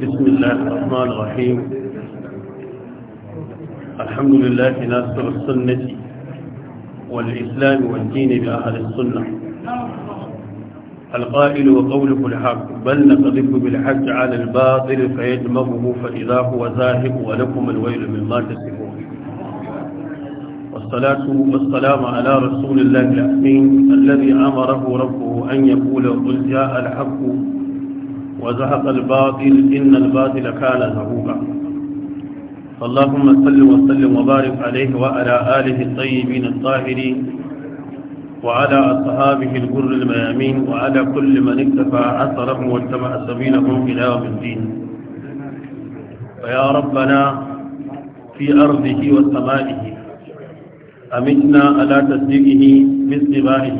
بسم الله الرحمن الرحيم الحمد لله ناصر السنة والإسلام والدين بأهل السنة القائل وقوله الحق بل نقذف بالحق على الباطل فيدمغه فإذا هو ذاهب ولكم الويل مما تسبون والصلاة والسلام على رسول الله الأمين الذي أمره ربه أن يقول قل جاء الحق وزهق الباطل إن الباطل كان زهوقا اللهم صل وسلم وبارك عليه وعلى آله الطيبين الطاهرين وعلى أصحابه الغر الميامين وعلى كل من اكتفى أثرهم واجتمع سبيلهم إلى يوم الدين فيا ربنا في أرضه وسمائه أمتنا على تصديقه باستباعه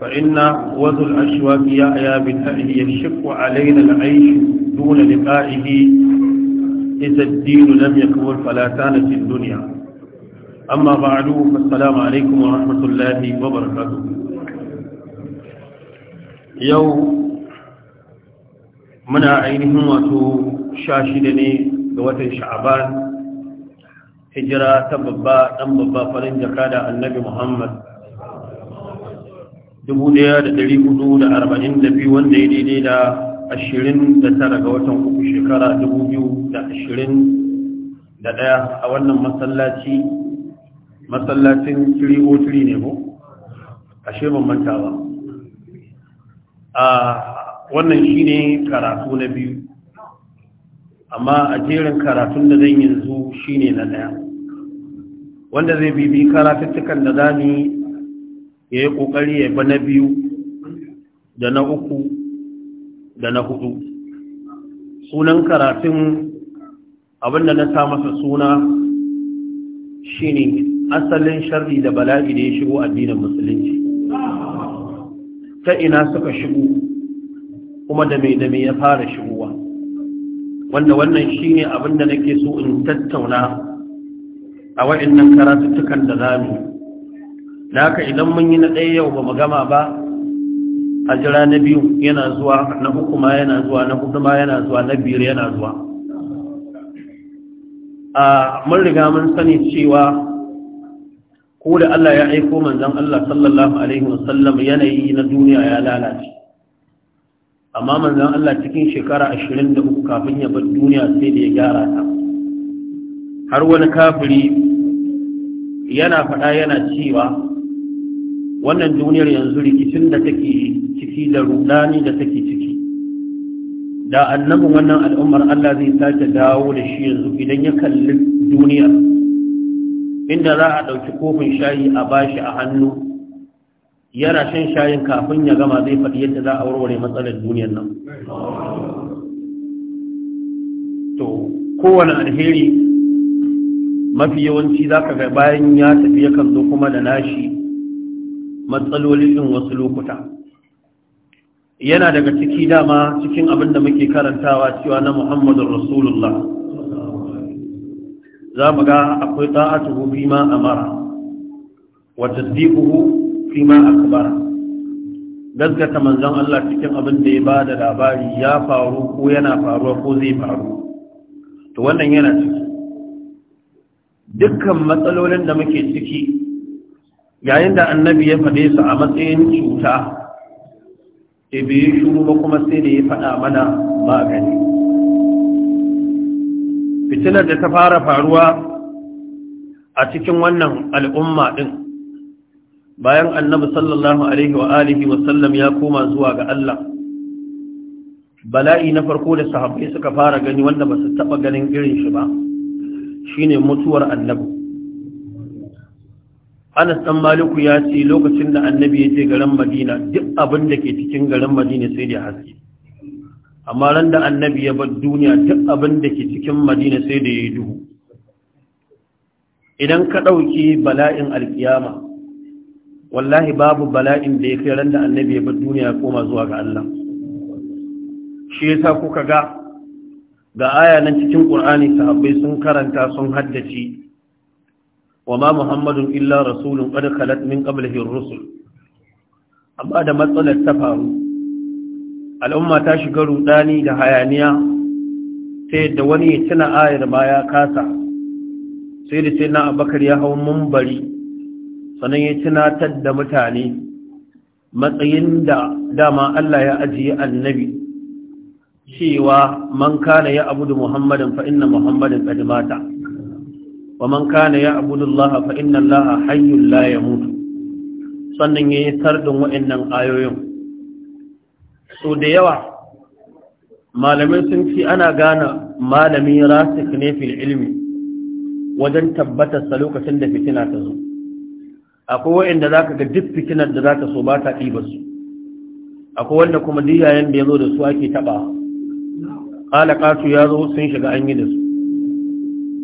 فإن وذو الأشواك يا بالأهل يشق علينا العيش دون لقائه إذا الدين لم يكمل فلا تانت الدنيا أما بعد فالسلام عليكم ورحمة الله وبركاته يوم منع عينهم واتو شاشدني قوة شعبان هجرة تببا babba ɗan كان farin النبي محمد 1442 wanda ya daidai da 29 ga watan uku shekara 2021 a wannan masallaci masallacin 303 ne ko ashe ban manta ba a wannan shine karatu na biyu amma a jerin karatun da zan yanzu shine na daya wanda zai bibi karatuttukan da ni. ya yi ƙoƙari ya ba na biyu da na uku da na hudu sunan karatun abinda na sa masa suna shine asalin sharri da bala'i da ya shigo addinin musulunci ta ina suka shigo kuma da mai da mai ya fara shigowa wanda wannan shine abinda nake so in tattauna a nan karatuttukan da zamu da haka idan mun yi na ɗaya yau ba mu gama ba a jira na biyu yana zuwa na uku ma yana zuwa na hudu ma yana zuwa na biyar yana zuwa a mun riga mun sani cewa ko da Allah ya aiko manzon Allah sallallahu alaihi wasallam yanayi na duniya ya lalace amma manzon Allah cikin shekara 23 kafin ya bar duniya sai da ya gyara ta har wani kafiri yana faɗa yana cewa wannan duniyar yanzu rikicin da take ciki da rudani da take ciki da annabin wannan al'ummar Allah zai sake dawo da shi yanzu idan ya kalli duniyar inda za a ɗauki kofin shayi a bashi a hannu yana shan shayin kafin ya gama zai faɗi yadda za a warware matsalar duniyar nan to kowane alheri mafi yawanci za ka ga bayan ya tafi yakan zo kuma da nashi matsaloli din wasu lokuta yana daga ciki dama cikin abin da muke karantawa cewa na muhammadun rasulullah za mu ga akwai ta'atuhu fi ma amara wa tasdiquhu fi ma akbara gaskata manzon Allah cikin abin da ya bada labari ya faru ko yana faruwa ko zai faru to wannan yana ciki dukkan matsalolin da muke ciki yayin da annabi ya faɗe su a matsayin cuta bai yi shuru ba kuma sai da ya faɗa mana magani fitilar da ta fara faruwa a cikin wannan al'umma ɗin bayan annabi sallallahu alaihi wa alihi wasallam ya koma zuwa ga Allah bala'i na farko da sahabbai suka fara gani wanda ba su taɓa ganin irin shi ba shine mutuwar annabi anas dan maliku ya ce lokacin da annabi ya je garin madina duk abin da ke cikin garin madina sai da haske amma ran da annabi ya bar duniya duk abin da ke cikin madina sai da ya yi duhu idan ka ɗauki bala'in alkiyama wallahi babu bala'in da ya kai ran da annabi ya bar duniya ya koma zuwa ga Allah shi yasa kuka ga ga aya nan cikin Qur'ani sahabbai sun karanta sun haddace وما محمد إلا رسول قد خلت من قبله الرسل amma da matsalar ta faru al'umma ta shiga rudani da hayaniya sai da wani ya tuna ayar baya kasa sai da sai na abakar ya hau mumbari Sanan ya tunatar da mutane matsayin da dama Allah ya ajiye annabi cewa man kana ya abudu muhammadin fa inna muhammadin qad mata ومن كان يعبد الله فإن الله حي لا يموت sannan yayi sardin wa'annan ayoyin so da yawa malamai sun fi ana gane malami rasik ne fil ilmi wajen tabbatar sa lokacin da fitina ta zo akwai za ka ga duk fitinar da za zaka so ba ta ɗiba su akwai wanda kuma diyayen da ya zo da su ake taɓa alaƙatu ya zo sun shiga an yi da su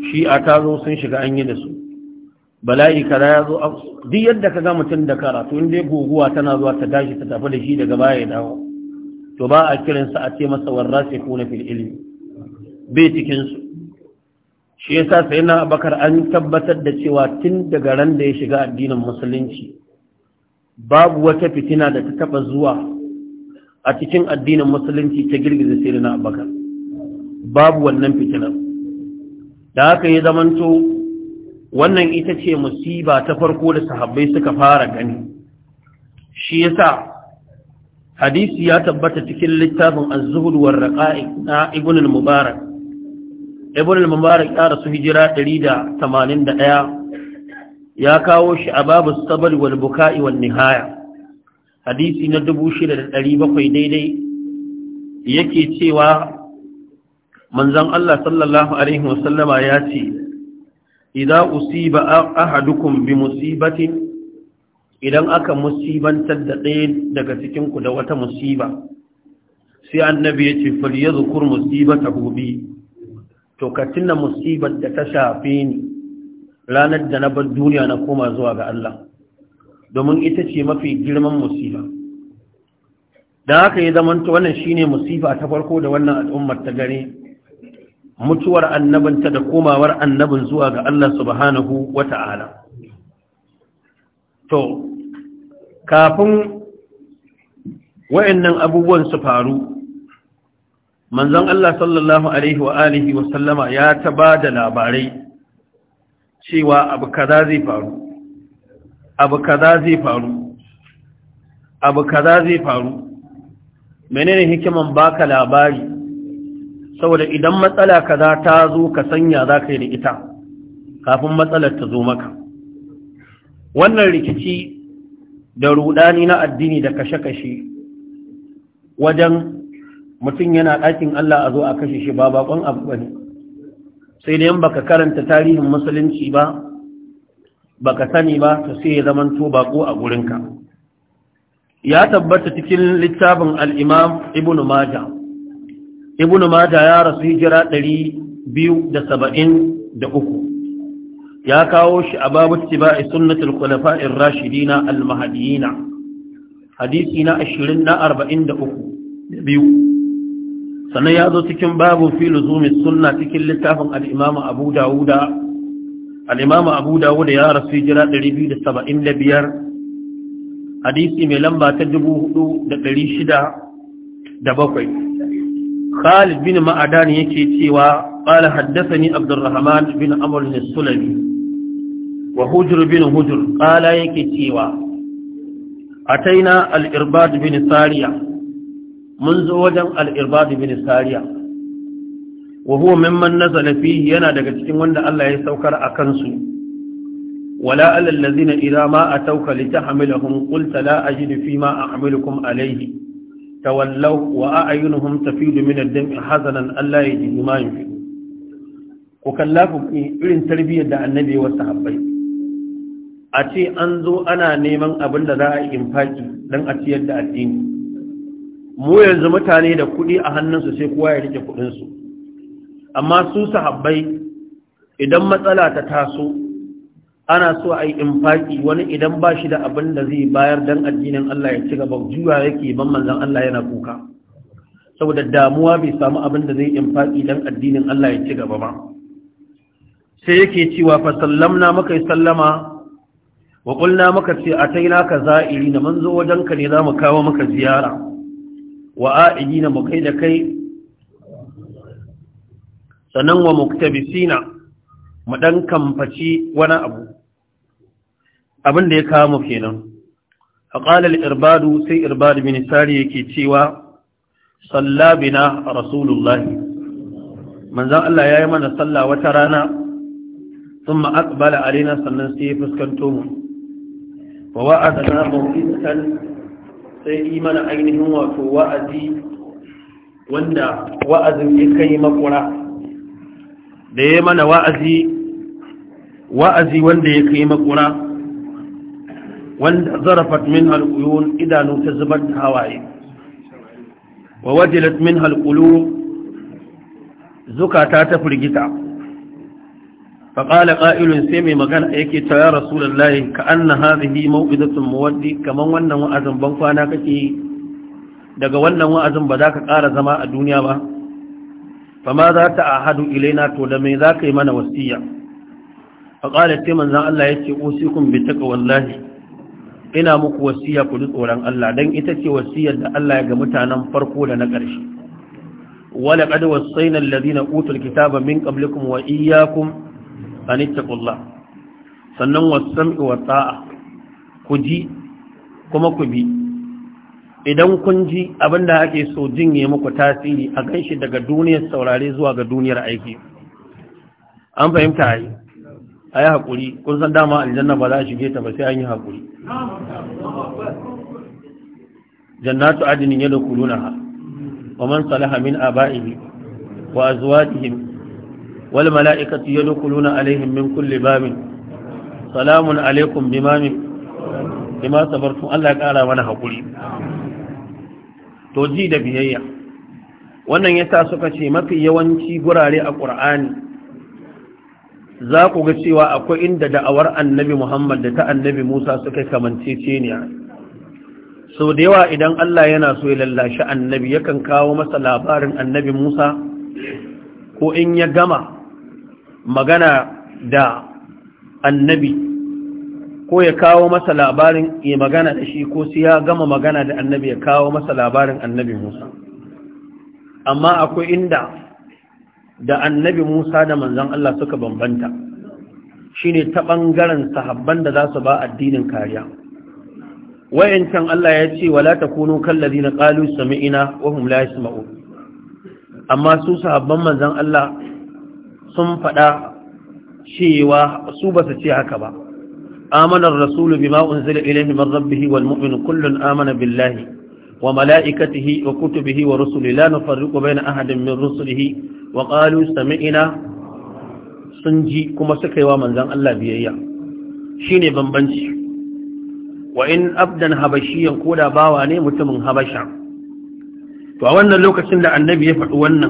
shi'a ta zo sun shiga an yi da su bala'i kara ya zo duk yadda ka ga mutum da karatu in dai guguwa tana zuwa ta tashi ta tafi da shi daga baya ya dawo to ba a kiransa a ce masa warra warrasi kuna fil ilmi bai cikinsu shi yasa sai na abakar an tabbatar da cewa tun daga ran da ya shiga addinin musulunci babu wata fitina da ta taba zuwa a cikin addinin musulunci ta girgiza sai na abakar babu wannan fitinar da aka yi zamanto wannan ita ce musiba ta farko da sahabbai suka fara gani shi yasa hadisi ya tabbata cikin littafin az-zuhud war raqa'iq na ibn al-mubarak ibn al-mubarak ya rasu hijira 181 ya kawo shi a babu sabr wal buka'i wal nihaya hadisi na 6700 daidai yake cewa manzon Allah sallallahu alaihi wasallama ya ce idza usiba ahadukum bi musibatin idan aka musibantar da ɗaya daga cikin da wata musiba sai annabi ya ce falyadhkur musibata gobe. to ka tuna musibar da ta shafe ni ranar da na bar duniya na koma zuwa ga Allah domin ita ce mafi girman musiba da haka ya zamanta wannan shine musifa ta farko da wannan al'ummar ta gare mutuwar annabinta da komawar annabin zuwa ga Allah subhanahu wa ta'ala. To, kafin wa'yannan abubuwan su faru, manzon Allah sallallahu Alaihi wa alihi wa sallama ya ta bada da labarai cewa abu kaza zai faru, abu kaza zai faru, abu kaza zai faru, menene hikiman baka labari saboda idan matsala kaza ta zo ka sanya za ka yi da ita kafin matsalar ta zo maka wannan rikici da rudani na addini da kashe-kashe wajen mutum yana ɗakin Allah a zo a kashe shi ba bakon abu ne sai da baka karanta tarihin musulunci ba baka sani ba to sai ya zama to bako a gurinka ya tabbata cikin littafin al-Imam Ibn Majah ibn mata ya rasu hijira ɗari biyu da saba'in da uku ya kawo shi a babu tiba'i sunnatul khulafa'ir rashidina al-mahdiyina hadisi na ashirin na arba'in da uku da biyu sannan ya zo cikin babu filozumi sunna cikin littafin al-imamu abu dawuda al-imamu abu dawuda ya rasu hijira ɗari biyu da saba'in da biyar hadisi mai lamba ta dubu hudu da ɗari shida da bakwai Khalid bin Ma'adan yake cewa qala haddathani Abdurrahman bin Amr al-Sulami wa Hujr bin Hujr qala yake cewa ataina al-Irbad bin Sariya mun zo wajen al-Irbad bin Sariya wa huwa mimman nazala fihi yana daga cikin wanda Allah ya saukar a kansu wala alal ladina idza ma atauka litahmiluhum qulta ma a fima ahmilukum alaihi. tawallau wa a'yunuhum tafidu min ad-dam'i hazanan alla yajidu ma yunfiqu ko kallafu irin tarbiyyar da annabi wa sahabbai a ce an zo ana neman abin da za a infaki dan a ciyar da addini mu yanzu mutane da kuɗi a hannunsu sai kowa ya rike kuɗinsu amma su sahabbai idan matsala ta taso ana so a yi infaki wani idan ba shi da abin da zai bayar dan addinin Allah ya ci gaba juya yake ban manzan Allah yana kuka saboda damuwa bai samu abin da zai infaki dan addinin Allah ya ci gaba ba sai yake cewa fa sallamna maka yi sallama wa ƙulna maka ce a taina ka za'iri na manzo wajenka ne za mu kawo maka ziyara wa a'iji mu kai da kai sannan wa muktabisina mu ɗan kamfaci wani abu abin da ya kama kenan a ƙalar irbadu sai irbadu minisari yake cewa sallabina rasulullahi manzan Allah ya yi mana salla wata rana sun ma'akbala alina sannan sai ya fuskanto mu wa wa'ada na mawukin sai yi mana ainihin wato wa'azi wanda wa'azin ya kai makura da ya mana wa'azi wa'azi wanda ya kai makura wanda zarafat min halƙuyun idanu ta zubar da hawaye wa wajilat min halƙulu zukata ta firgita faƙala ƙa'ilun sai mai magana yake ta ya layi ka an na hazihi ma'u'idatun muwaddi kamar wannan wa'azin ban kwana kake daga wannan wa'azin ba za ka ƙara zama a duniya ba fama za ta ahadu ilaina to da mai za ka yi mana wasiya a ce manzan Allah ya ce usikun bi taƙa wallahi ina muku wasiya ku ji tsoron Allah don ita ce wasiyar da Allah ya ga mutanen farko da na ƙarshe wala qad wasayna alladhina utul kitaba min qablikum wa iyyakum an ittaqullah sannan was-sam'i wa ta'a ku ji kuma ku bi idan kun ji abin da ake so jinye muku tasiri a kan shi daga duniyar saurare zuwa ga duniyar aiki an fahimta a yi a yi haƙuri kun san dama aljanna ba za a shige ta ba sai an yi haƙuri jannatu adinin ya da kuluna wa man salaha min aba'ihi wa azwajihim wal mala'ikatu yadkhuluna alaihim min kulli babin salamun alaikum bima min bima sabartum Allah ya kara mana haƙuri to ji da biyayya wannan sa suka ce mafi yawanci gurare a ƙur'ani za ku ga cewa akwai inda da'awar annabi muhammad da ta annabi musa suka kamanceceniya sau da yawa idan allah yana so ya lallashi annabi yakan kawo masa labarin annabi musa ko in ya gama magana da annabi ko ya kawo masa labarin ya magana da shi ko sai ya gama magana da annabi ya kawo masa labarin annabi Musa amma akwai inda da annabi Musa da manzon Allah suka bambanta shine ta ɓangaren sahabban da za su ba addinin kariya wayancan Allah ya ce wala takunu kallazina qalu sami'na wa hum la yasma'un amma su sahabban manzon Allah sun faɗa cewa su ba su ce haka ba آمن الرسول بما أنزل إليه من ربه والمؤمن كل آمن بالله وملائكته وكتبه ورسله لا نفرق بين أحد من رسله وقالوا سمعنا سنجي كما سكيوا من ذن الله بيئيا شيني بمبنشي وإن أبدا هبشيا كولا باواني متمن هبشا فأولنا لوك سند النبي يفعلنا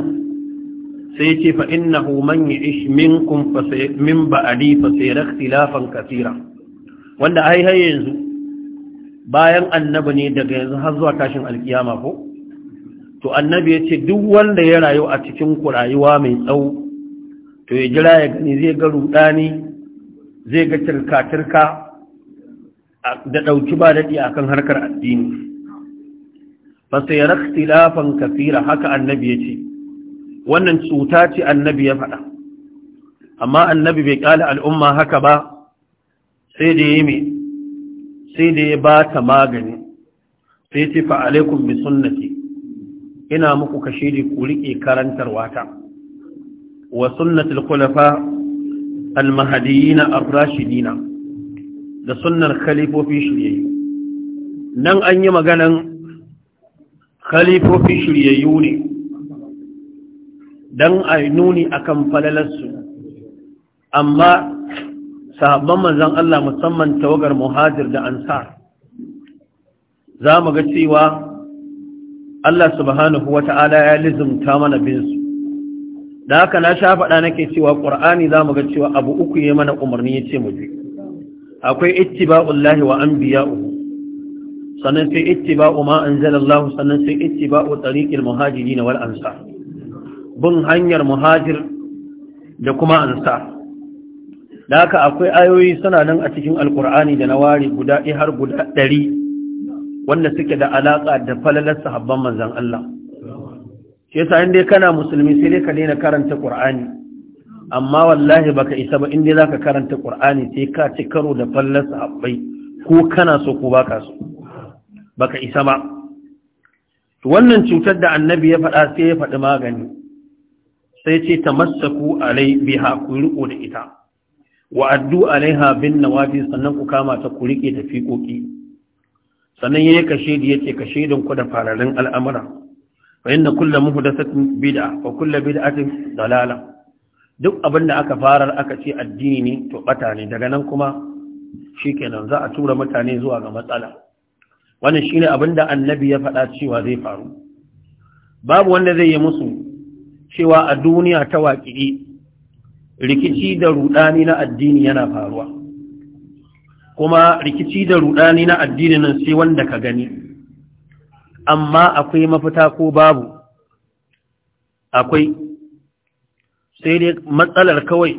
سيتي فإنه من يعيش منكم فسي من بعدي فسير اختلافا كثيرا wanda a har yanzu bayan annabi ne daga yanzu har zuwa tashin alkiyama ko to annabi ya ce duk wanda ya rayu a cikin kurayuwa rayuwa mai tsawo to ya jira ya gani zai ga rudani zai ga turka-turka da ɗauki ba daɗi a kan harkar addini fasa ya raktilafan kafira haka annabi ya ce wannan cuta ce annabi ya faɗa amma annabi bai ƙala al'umma haka ba sai da yi mai sai da ya ba ta magani sai ce fa'alaikun bi sunnati ina muku kashe da ku riƙe karantar wata wa sunnatul kulafa almahadiyina ar-rashidina da sunnar khalifofi shiryayyu nan an yi maganan khalifofi shiryayyu ne don a nuni akan falalarsu amma sahabban manzan Allah musamman tawagar muhajir da ansar za mu ga cewa Allah subhanahu ta'ala ya lizumta mana bin su da haka na sha faɗa nake cewa ƙur'ani za mu ga cewa abu uku ya mana umarni ya ce mu bi akwai ittiba'ullahi wa anbiya'u sannan sai ittiba'u ma anzalallahu sannan sai ittiba'u tariqil muhajirin wal ansar bin hanyar muhajir da kuma ansar da haka akwai ayoyi suna nan a cikin alkur'ani da na ware guda ɗaya har guda ɗari wanda suke da alaƙa da falalar sahabban manzan Allah shi yasa inda kana musulmi sai dai ka daina karanta ƙur'ani amma wallahi baka isa ba inda za ka karanta ƙur'ani sai ka ci karo da falalar sahabbai ko kana so ko ka so baka isa ba wannan cutar da annabi ya faɗa sai ya faɗi magani sai ce ta masaku alai biha ku riƙo da ita wa addu alaiha bin nawafi sannan ku kama ta ku rike ta fiƙoƙi sannan yayi kashe da yace kashe don ku da fararen al'amura fa inna kullu muhdathatin bid'a wa kullu bid'atin dalala duk abin da aka farar aka ce addini ne to bata ne daga nan kuma shikenan za a tura mutane zuwa ga matsala wannan shine abin da annabi ya faɗa cewa zai faru babu wanda zai yi musu cewa a duniya ta waƙi rikici da rudani na addini yana faruwa kuma rikici da rudani na addini nan sai wanda ka gani amma akwai mafita ko babu akwai sai dai matsalar kawai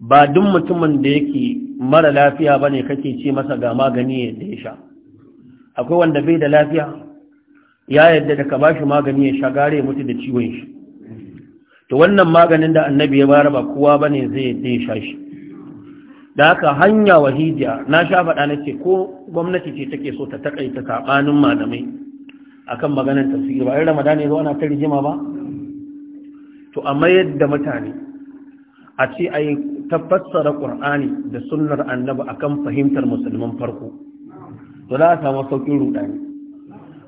ba duk mutumin da yake mara lafiya ba ne kake ce masa ga magani da ya sha akwai wanda bai da lafiya ya yadda da ka ba shi magani ya sha gare mutu da ciwon shi to wannan maganin da annabi ya bara ba kowa bane zai yi shashi shi da aka hanya wahidiya na sha faɗa na ce ko gwamnati ce take so ta taƙaita saɓanin malamai akan maganin tafsiri ba irin ramadani ya zo ana ta rigima ba to a mayar da mutane a ce a yi tafassara ƙur'ani da sunnar annabi akan fahimtar musulman farko to za a samu sauƙin ruɗani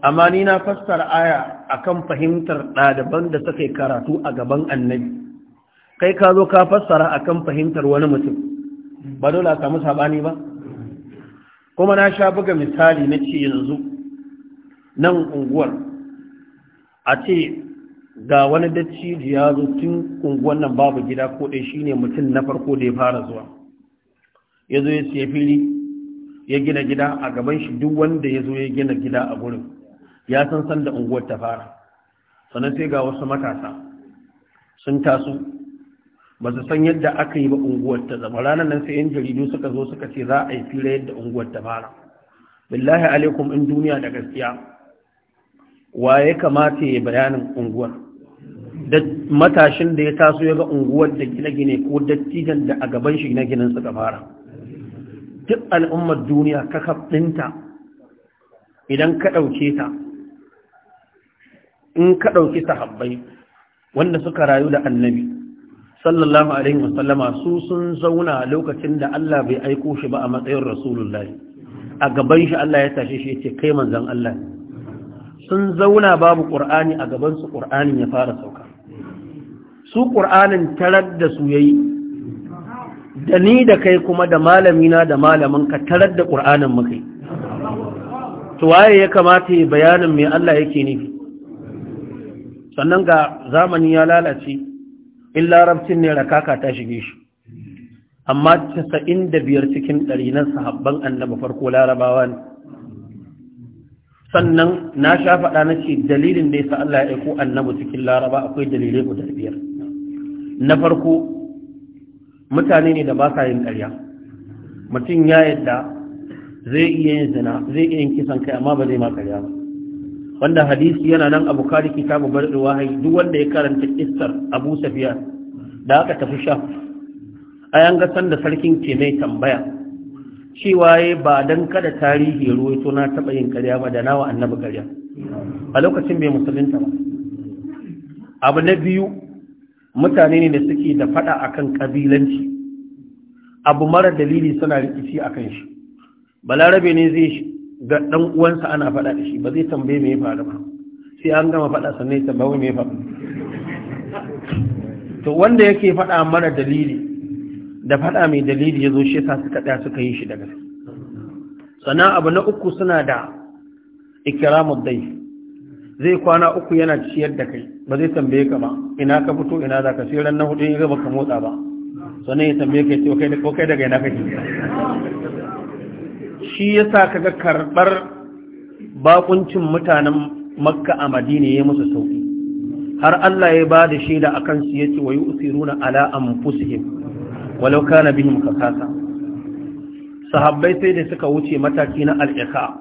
amma ni na fassara aya akan fahimtar ɗaliban da suka karatu a gaban annabi kai ka zo ka fassara akan fahimtar wani mutum ba dole a samu saɓani ba kuma na sha buga misali na ce yanzu nan unguwar a ce ga wani dacci ya zo tun unguwar nan babu gida ko ɗai shi ne mutum na farko da ya fara zuwa ya zo ya siya fili ya gina gida a gaban shi duk wanda ya zo ya gina gida a gurin ya san san da unguwar ta fara sannan sai ga wasu matasa sun taso ba su san yadda aka yi ba unguwar ta zama ranar nan sai yan jaridu suka zo suka ce za a yi fira yadda unguwar ta fara billahi alaikum in duniya da gaskiya waye kamata ya bayanin unguwar da matashin da ya taso ya ga unguwar da gine-gine ko dattijan da a gaban shi gine ginin suka fara duk al'ummar duniya ka ɗinta idan ka ɗauke ta in ka ɗauki sahabbai wanda suka rayu da annabi sallallahu alaihi wasallama su sun zauna lokacin da Allah bai aiko shi ba a matsayin rasulullahi a gaban shi Allah ya tashe shi yace kai manzon Allah sun zauna babu qur'ani a gaban su qur'anin ya fara sauka su qur'anin tarar da su yayi da ni da kai kuma da malamina da malamin ka tarar da qur'anin mukai to waye ya kamata bayanin me Allah yake nufi sannan ga zamani ya lalace in larabcin ne rakaka ta shige shi amma casa'in da biyar cikin ɗari na sahabban annaba farko larabawa ne sannan na sha faɗa na ce dalilin da ya sa Allah ya aiko annabi cikin laraba akwai dalilai guda biyar na farko mutane ne da ba sa yin ƙarya mutum ya yadda zai iya yin zina zai iya yin kisan kai amma ba zai ma ƙarya ba wanda hadisi yana nan a bukari kitabu bar wahayi duk wanda ya karanta istar abu safiya da aka tafi sha a gasar da sarkin ke mai tambaya cewa ya ba don kada tarihi ruwaito na taɓa yin karya ba da nawa annabi karya a lokacin bai musulunta ba abu na biyu mutane ne da suke da faɗa akan kabilanci. abu mara dalili suna rikici a kan shi balarabe ne zai da ɗan uwansa ana faɗa da shi ba zai tambaye me ya faru ba sai an gama faɗa sannan ya tambaye me ya faru to wanda yake faɗa mara dalili da faɗa mai dalili ya zo shi yasa suka ɗaya suka yi shi daga sana abu na uku suna da ikiramun dai zai kwana uku yana ciyar da kai ba zai tambaye ka ba ina ka fito ina za ka siran na hudu in ga ka motsa ba sannan ya tambaye ka ce kai daga ina kake shi ya sa kaga karɓar bakuncin mutanen makka a madina ya musu sauƙi. har Allah ya ba da shaida a kansu ya ce wa yi usiruna ala anfusihim walau na bihim kasasa sahabbai sai da suka wuce mataki na al'iqa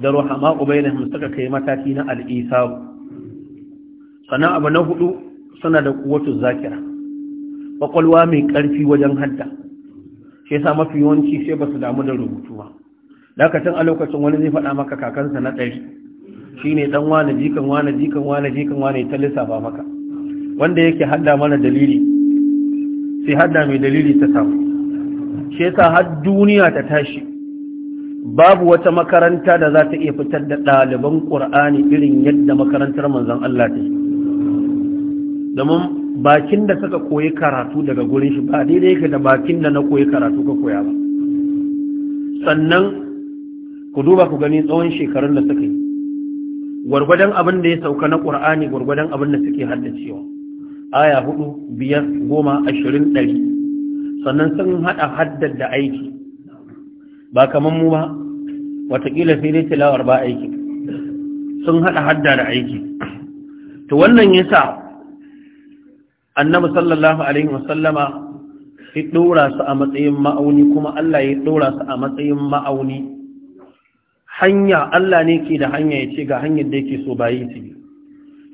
da da ubainahum suka kai mataki na al'isa sannan abu na hudu suna da kuwatu zakira Ƙwaƙwalwa mai ƙarfi wajen hadda shi sa mafi yawanci sai ba su damu da rubutu ba dakatan a lokacin wani zai faɗa maka kakansa na ɗari shi ne ɗan wane jikan wane jikan wane jikan wane ta lissafa maka wanda yake hada mana dalili sai hada mai dalili ta samu shi yasa har duniya ta tashi babu wata makaranta da za ta iya fitar da ɗaliban ƙur'ani irin yadda makarantar manzon Allah ta domin bakin da suka koyi karatu daga gurin shi ba daidai yake da bakin da na koyi karatu ka koya ba sannan ku duba ku gani tsawon shekarun da suka yi gwargwadon abin da ya sauka na ƙur'ani gwargwadon abin da suke haddacewa aya hudu biyar goma ashirin ɗari sannan sun haɗa haddar da aiki ba kamar mu ba watakila sai dai tilawar ba aiki sun haɗa hadda da aiki to wannan ya sa annabi sallallahu alaihi wasallama ya ɗora su a matsayin ma'auni kuma Allah ya ɗora su a matsayin ma'auni hanya Allah ne ke da hanya ya ce ga hanyar da yake so bayi su bi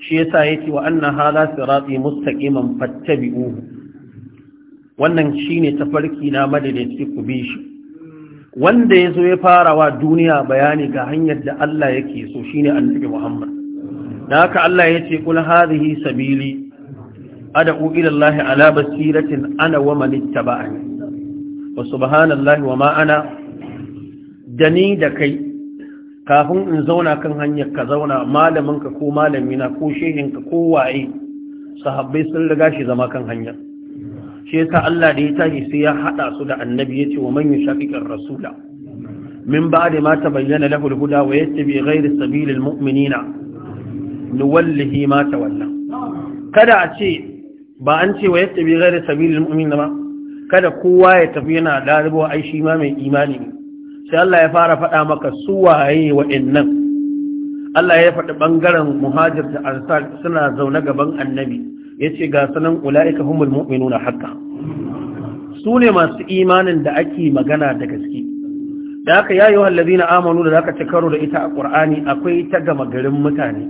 shi yasa ya ce wa ratsi hala sirati mustaqiman fattabi'uhu wannan shine tafarki na madadaci ku bi shi wanda ya zo ya fara wa duniya bayani ga hanyar da Allah yake so shine annabi Muhammad da haka Allah ya ce kul hadhihi sabili ad'u ila Allah ala basiratin ana wa man ittaba'ani wa subhanallahi wa ma ana dani da kai kafin in zauna kan hanyar ka zauna malaminka ko malamina ko shehinka ko waye sahabbai sun riga shi zama kan hanyar shi Allah da ya tashi sai ya hada su da annabi yace wa man yashaqiqir rasula min ba'di ma tabayyana lahu al-huda wa yattabi ghayra sabilil mu'minina nuwallihi ma tawalla kada a ce ba an ce wa yattabi ghayra sabilil mu'minina ba kada kowa ya tafi yana dalibo ai shi ma mai imani ne sai Allah ya fara faɗa maka su waye wa innan. Allah ya faɗi ɓangaren muhajir da ansar suna zaune gaban annabi ya ce ga sanan ula'ika humul na haka su ne masu imanin da ake magana da gaske da aka yayi wallazi na amanu da zaka ci karo da ita a ƙur'ani akwai ta gama garin mutane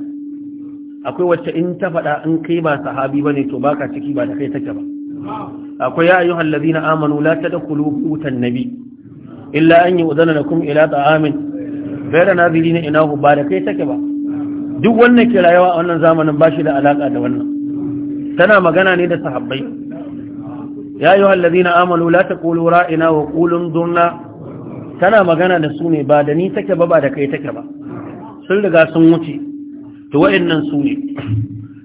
akwai wacce in ta faɗa in kai ba sahabi bane to baka ciki ba da kai take ba akwai ya ayyuhal ladina amanu la tadkhulu butan nabi illa an yi udana kuma ila ta'amin bayra nazirina inahu ba da kai take ba duk wannan ke rayuwa a wannan zamanin ba shi da alaƙa da wannan tana magana ne da sahabbai ya yi na amalu la taqulu ra'ina wa kulun dunna tana magana da su ne ba da ni take ba ba da kai take ba sun riga sun wuce to wa'annan su ne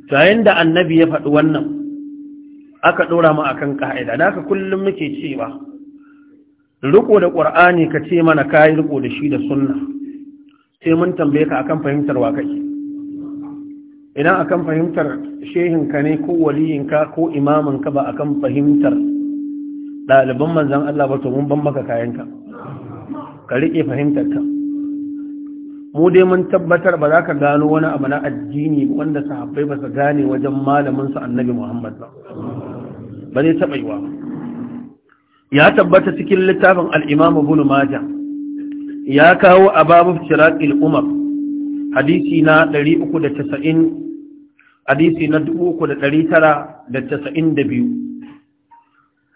to yayin da annabi ya faɗi wannan aka ɗora mu akan ka'ida da haka kullum muke cewa riko da ƙur'ani ka ce mana ka yi riko da shi da sunna sai mun tambaye ka akan fahimtar wa kake idan akan fahimtar shehinka ne ko waliyinka ko imaminka ba akan fahimtar ɗaliban manzan Allah ba to mun ban maka kayanka ka riƙe fahimtarka mu dai mun tabbatar ba za ka gano wani abu na addini wanda sahabbai ba su gane wajen malaminsu annabi Muhammad ba ba zai taɓa yi wa ya tabbata cikin littafin al bunu maja. ya kawo a babu shiraƙil umar hadisi na 390 hadisi na 3992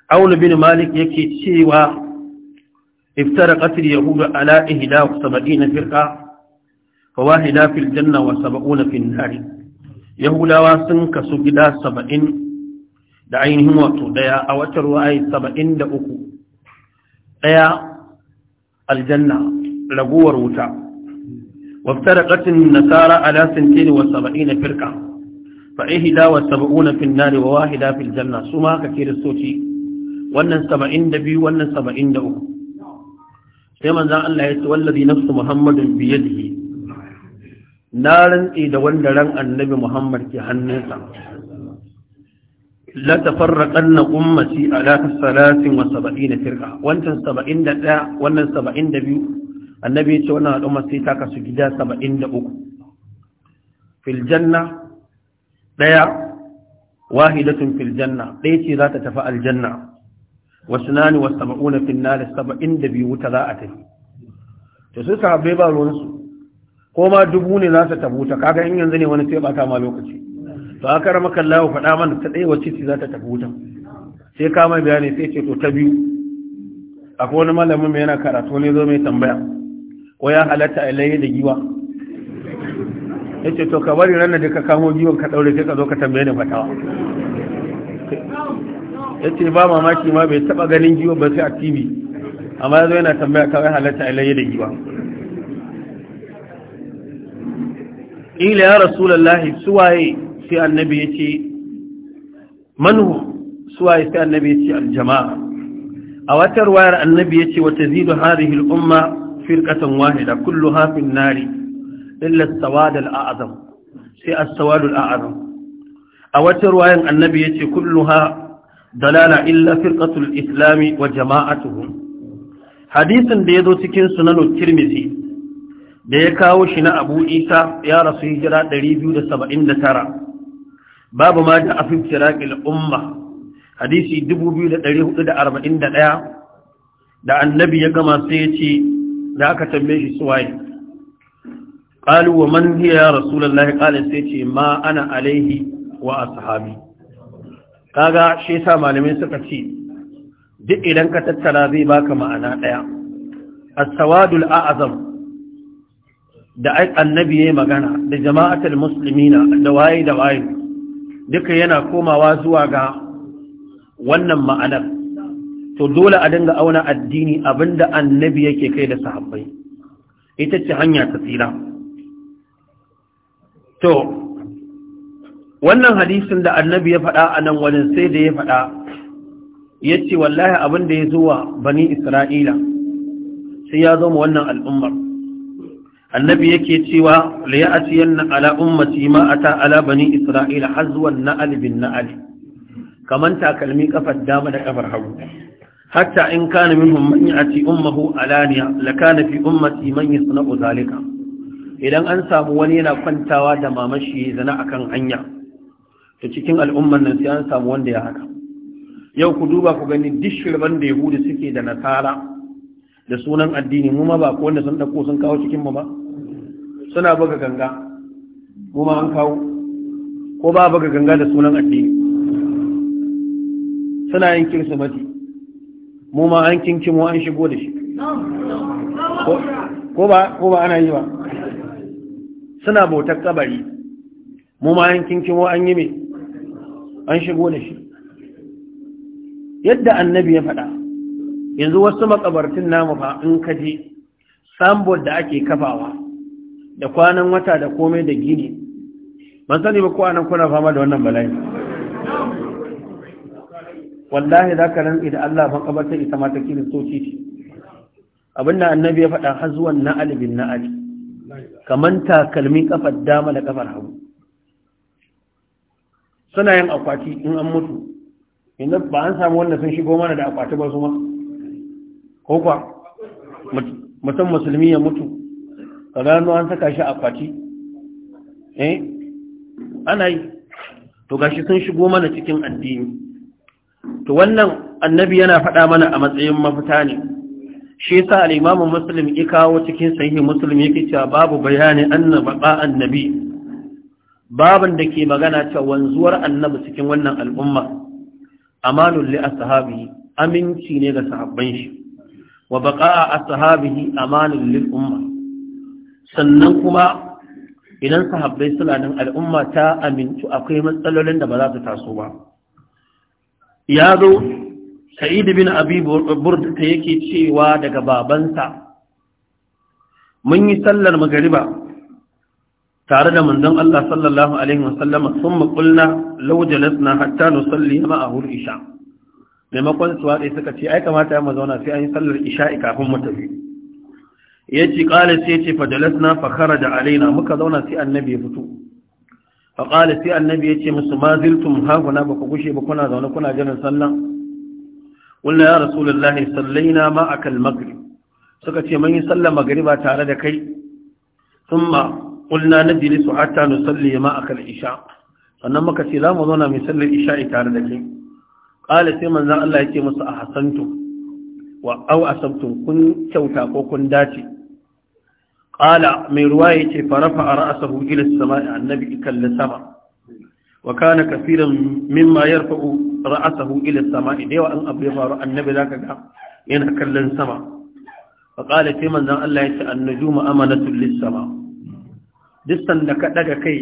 aulu bin malik yake cewa iftara ƙasar yahudu ala ihda wa na firka, fa wahida fil janna wa saba'una fin nari yahudawa sun kasu gida saba'in da ainihin wato daya a wata ruwaya saba'in da uku daya aljanna raguwar wuta waftaraqatin nasara ala sintin wa na firka. fa ihda wa sab'una fi an-nar wa wahida fil janna ma ka kira soci. wannan saba'in da biyu, wannan saba'in da uku. sai manzon Allah ya ce wallazi nafsu muhammadin bi yadihi na rantsi da wanda ran annabi muhammad ke hannunsa la tafarraqanna ummati ala salatin wa sab'ina firqa wancan 71 wannan 72 annabi ya ce wannan al'umma sai ta kasu gida 73 fil janna daya wahidatun fil janna daya ce za ta tafi aljanna Wa wasnani wasab'una fil nar 72 wuta za a tafi to sai sahabbai ba su. ko ma dubu ne za ta tabuta kaga in yanzu ne wani sai ba ta ma lokaci to aka rama kallawa faɗa mana ta ɗaya wacce ce za ta tafi wutan sai mai bayani sai ce to ta biyu akwai wani malamin mai yana karatu ne zo mai tambaya ko ya halatta a laye da giwa ya ce to ka bari ranar da ka kamo giwan ka ɗaure sai ka zo ka tambaye ni fatawa ya ce ba mamaki ma bai taɓa ganin giwa ba sai a tv amma ya zo yana tambaya kawai halatta a laye da giwa ila ya rasulallahi suwaye sai annabi ya ce manu suwaye sai annabi ya ce aljama'a a wata wayar annabi ya ce wata zidu harihi al'umma firkatan wahida kullu hafin nari illa sawadul a'azam sai as-sawadul a'azam a wata ruwayar annabi ya ce kulluha dalala illa firqatul islami wa jama'atuhum hadisin da yazo cikin sunan tirmizi da ya kawo shi na abu isa ya rasu hijira 279 babu ma da afin umma hadisi 2441 da annabi ya gama sai ya ce da aka tambaye shi suwaye ƙalu wa man hiya ya rasulallah ƙalin sai ce ma ana alaihi wa ashabi kaga shi sa malamai suka ce duk idan ka tattara zai baka ma'ana ɗaya as-sawadul a'zam da ai annabi magana da jama'atul muslimina da waye da waye duka yana komawa zuwa ga wannan ma'anar to dole a dinga auna addini abinda annabi yake kai da sahabbai ita ce hanya ta tsira to wannan hadisin da annabi ya faɗa a nan wajen sai da ya faɗa ya ce wallahi abinda ya zuwa bani isra'ila sai ya zo wannan al'ummar annabi yake cewa la ya'tiyanna ala ummati ma ata ala bani isra'ila hazwan na'al bin na'al kaman takalmi kafar dama da kafar hagu hatta in kana minhum man ya'ti ummuhu alaniya lakana fi ummati man yasna'u zalika idan an samu wani yana kwantawa da mamashi zana akan hanya to cikin al'ummar nan sai an samu wanda ya haka yau ku duba ku gani dishirban da yahudi suke da nasara da sunan addini mu ma ba ko wanda sun dauko sun kawo cikin mu ba suna buga ganga mu ma an kawo ko ba buga ganga da sunan addini suna yin kirsimati mu ma an kinki mu an shigo da shi ko ba ko ba ana yi ba suna bautar kabari mu ma an kinki mu an yi me an shigo da shi yadda annabi ya faɗa yanzu wasu makabartin namu ba in ka je sambol da ake kafawa da kwanan wata da komai da gini ban sani ba kwanan kuna fama da wannan bala'i wallahi za ka rantsi da Allah makabarta ita mata kiri kiristoci ce abinda annabi ya faɗa har zuwan na'al bin na'al kaman takalmin kafar dama da kafar hagu suna yin akwati in an mutu yanzu ba an samu wanda sun shigo mana da akwati ba su ma ko kwa mutum musulmi ya mutu ka gano an saka shi a kwati eh ana yi to gashi sun shigo mana cikin addini to wannan annabi yana faɗa mana a matsayin mafita ne shi yasa al-imamu muslim ya kawo cikin sahihi muslim yake cewa babu bayani anna baqa annabi baban da ke magana cewa wanzuwar annabi cikin wannan al'umma amanul li ashabi aminci ne ga sahabban shi wa baqa'a ashabihi amanun lil umma sannan kuma idan sahabbai suna nan al'umma ta amintu akwai matsalolin da ba za ta taso ba ya zo sa'id bin abi burda ta yake cewa daga babansa mun yi sallar magariba tare da manzon Allah sallallahu alaihi wasallam sun maƙulna lau jalasna hatta nusalli hur isha maimakon su waɗe suka ce ai kamata ya mazauna sai an yi sallar isha'i kafin mu tafi ya ce ƙala sai ce na fakara da alaina muka zauna sai annabi ya fito fa ƙala sai annabi ya ce musu ma ziltum haguna ba ku gushe ba kuna zaune kuna jiran sallah wala ya rasulullah sallaina ma akal maghrib suka ce mun yi sallar magriba tare da kai thumma qulna najlisu hatta nusalli ma akal isha sannan muka ce za mu zauna mai sallar isha'i tare da kai qala sai manzon Allah yake musu a hasantu wa a asabtum kun kyauta ko kun dace Ƙala mai ruwa ya yace farafa ra'sahu ila as-sama'i annabi kalla sama wa kana kaseeran mimma yarfa'u ra'sahu ra'asa as-sama'i da yawa an abu ya faru annabi zaka ga yana kallon sama fa qala sai manzon Allah yace an-nujumu amanatun lis-sama' duk sanda ka ɗaga kai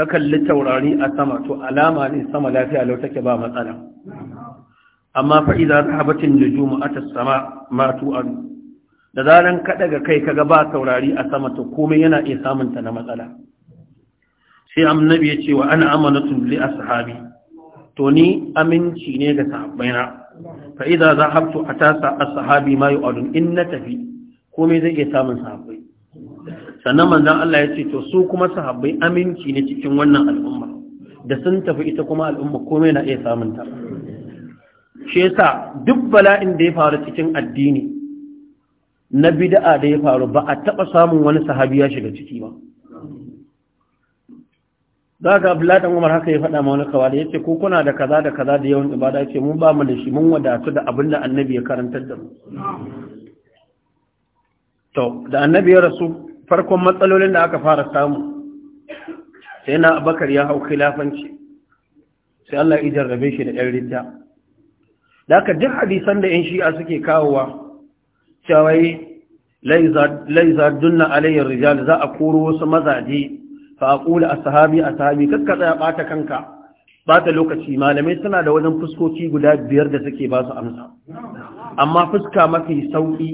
ka kalli taurari a sama to alama ne sama lafiya lau take ba matsala amma fa idza zahabatin nujumu atas sama matu tu'adu da zaran ka daga kai ga ba taurari a sama to komai yana iya samun ta na matsala sai annabi ya ce wa ana amanatu li ashabi to ni aminci ne ga sahabbaina za idza zahabtu atasa ashabi ma yu'adun in na tafi komai zai iya samun sahabbai sannan manzan Allah ya ce to su kuma sahabbai aminci ne cikin wannan al'umma da sun tafi ita kuma al'umma komai na iya samunta. ta shi yasa duk bala'in da ya faru cikin addini na bida'a da ya faru ba a taɓa samun wani sahabi ya shiga ciki ba za ka abu abdullahi umar haka ya faɗa ma wani kawai ya ce ko kuna da kaza da kaza da yawan ibada ce mun ba mu da shi mun wadatu da abin da annabi ya karantar da mu to da annabi ya rasu farkon matsalolin da aka fara samu sai na abakar ya hau khilafanci sai Allah ya jarrabe shi da ɗan ridda da aka duk hadisan da ‘yan shi'a suke kawowa cewa laiza alayyar rijal za a koro wasu mazaje fa a ƙula a sahabi a sahabi kakka tsaya ɓata kanka ɓata lokaci malamai suna da wajen fuskoki guda biyar da suke ba su amsa amma fuska mafi sauƙi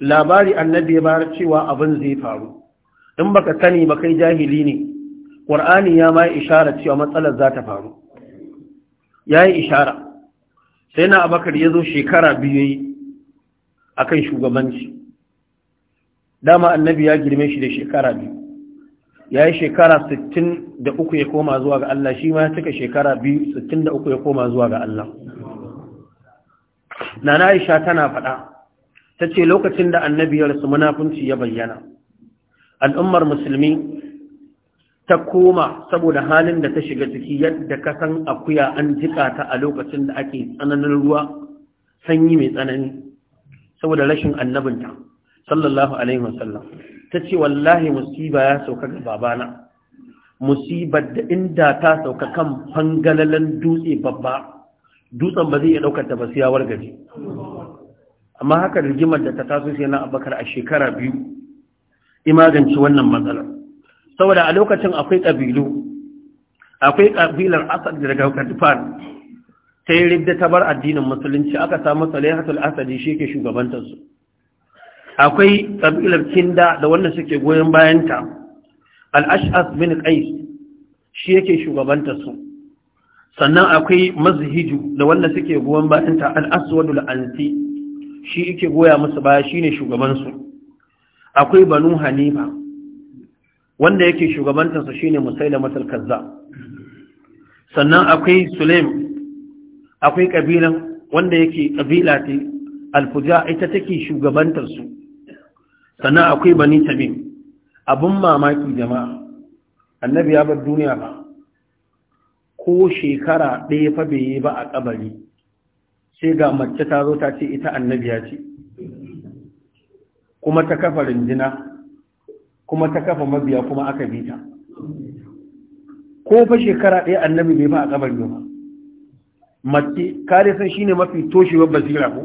labari annabi ya bayar cewa abin zai faru in baka sani ba kai jahili ne ƙur'ani ya mai ishara cewa matsalar za ta faru ya ishara sai na abakar ya zo shekara biyu yi akan shugabanci dama annabi ya girme shi da shekara biyu ya yi shekara uku ya koma zuwa ga Allah shi ma ya cika shekara biyu uku ya koma zuwa ga Allah Nana Aisha tana faɗa ta ce lokacin da annabi ya munafunci ya bayyana al'ummar musulmi ta koma saboda halin da ta shiga ciki yadda ka san akuya an jika ta a lokacin da ake tsananin ruwa sanyi mai tsanani saboda rashin annabinta sallallahu alaihi wasallam ta ce wallahi musiba ya sauka ga babana musibar da inda ta sauka kan fangalalan dutse babba dutsen ba zai iya ɗaukar ta ba siya ya wargaje amma haka rigimar da ta taso sai na abakar a shekara biyu magance wannan matsalar saboda a lokacin akwai ƙabilu akwai ƙabilar asad daga kadifar ta yi ridda ta bar addinin musulunci aka samu salihatul asadi shi ke shugabantarsu akwai ƙabilar kinda da wannan suke goyon bayanta al'ash'as bin qais shi yake shugabantarsu sannan akwai mazhiju da wanda suke goyon bayanta al'aswadul ansi shi yake goya musu baya shine shugabansu akwai banu hanifa wanda yake shugabantarsa shine musailamatul kaza. sannan akwai sulaim akwai kabilan wanda yake kabila ce alfuja ita take shugabantarsu sannan akwai bani tabim abun mamaki jama'a annabi ya bar duniya ba ko shekara ɗaya fa bai yi ba a kabari sai ga mace ta zo ta ce ita annabiya ce kuma ta kafa rinjina kuma ta kafa mabiya kuma aka bi ta ko fa shekara ɗaya annabi bai fa a kabar ba mace kare san shine mafi toshewar basira ko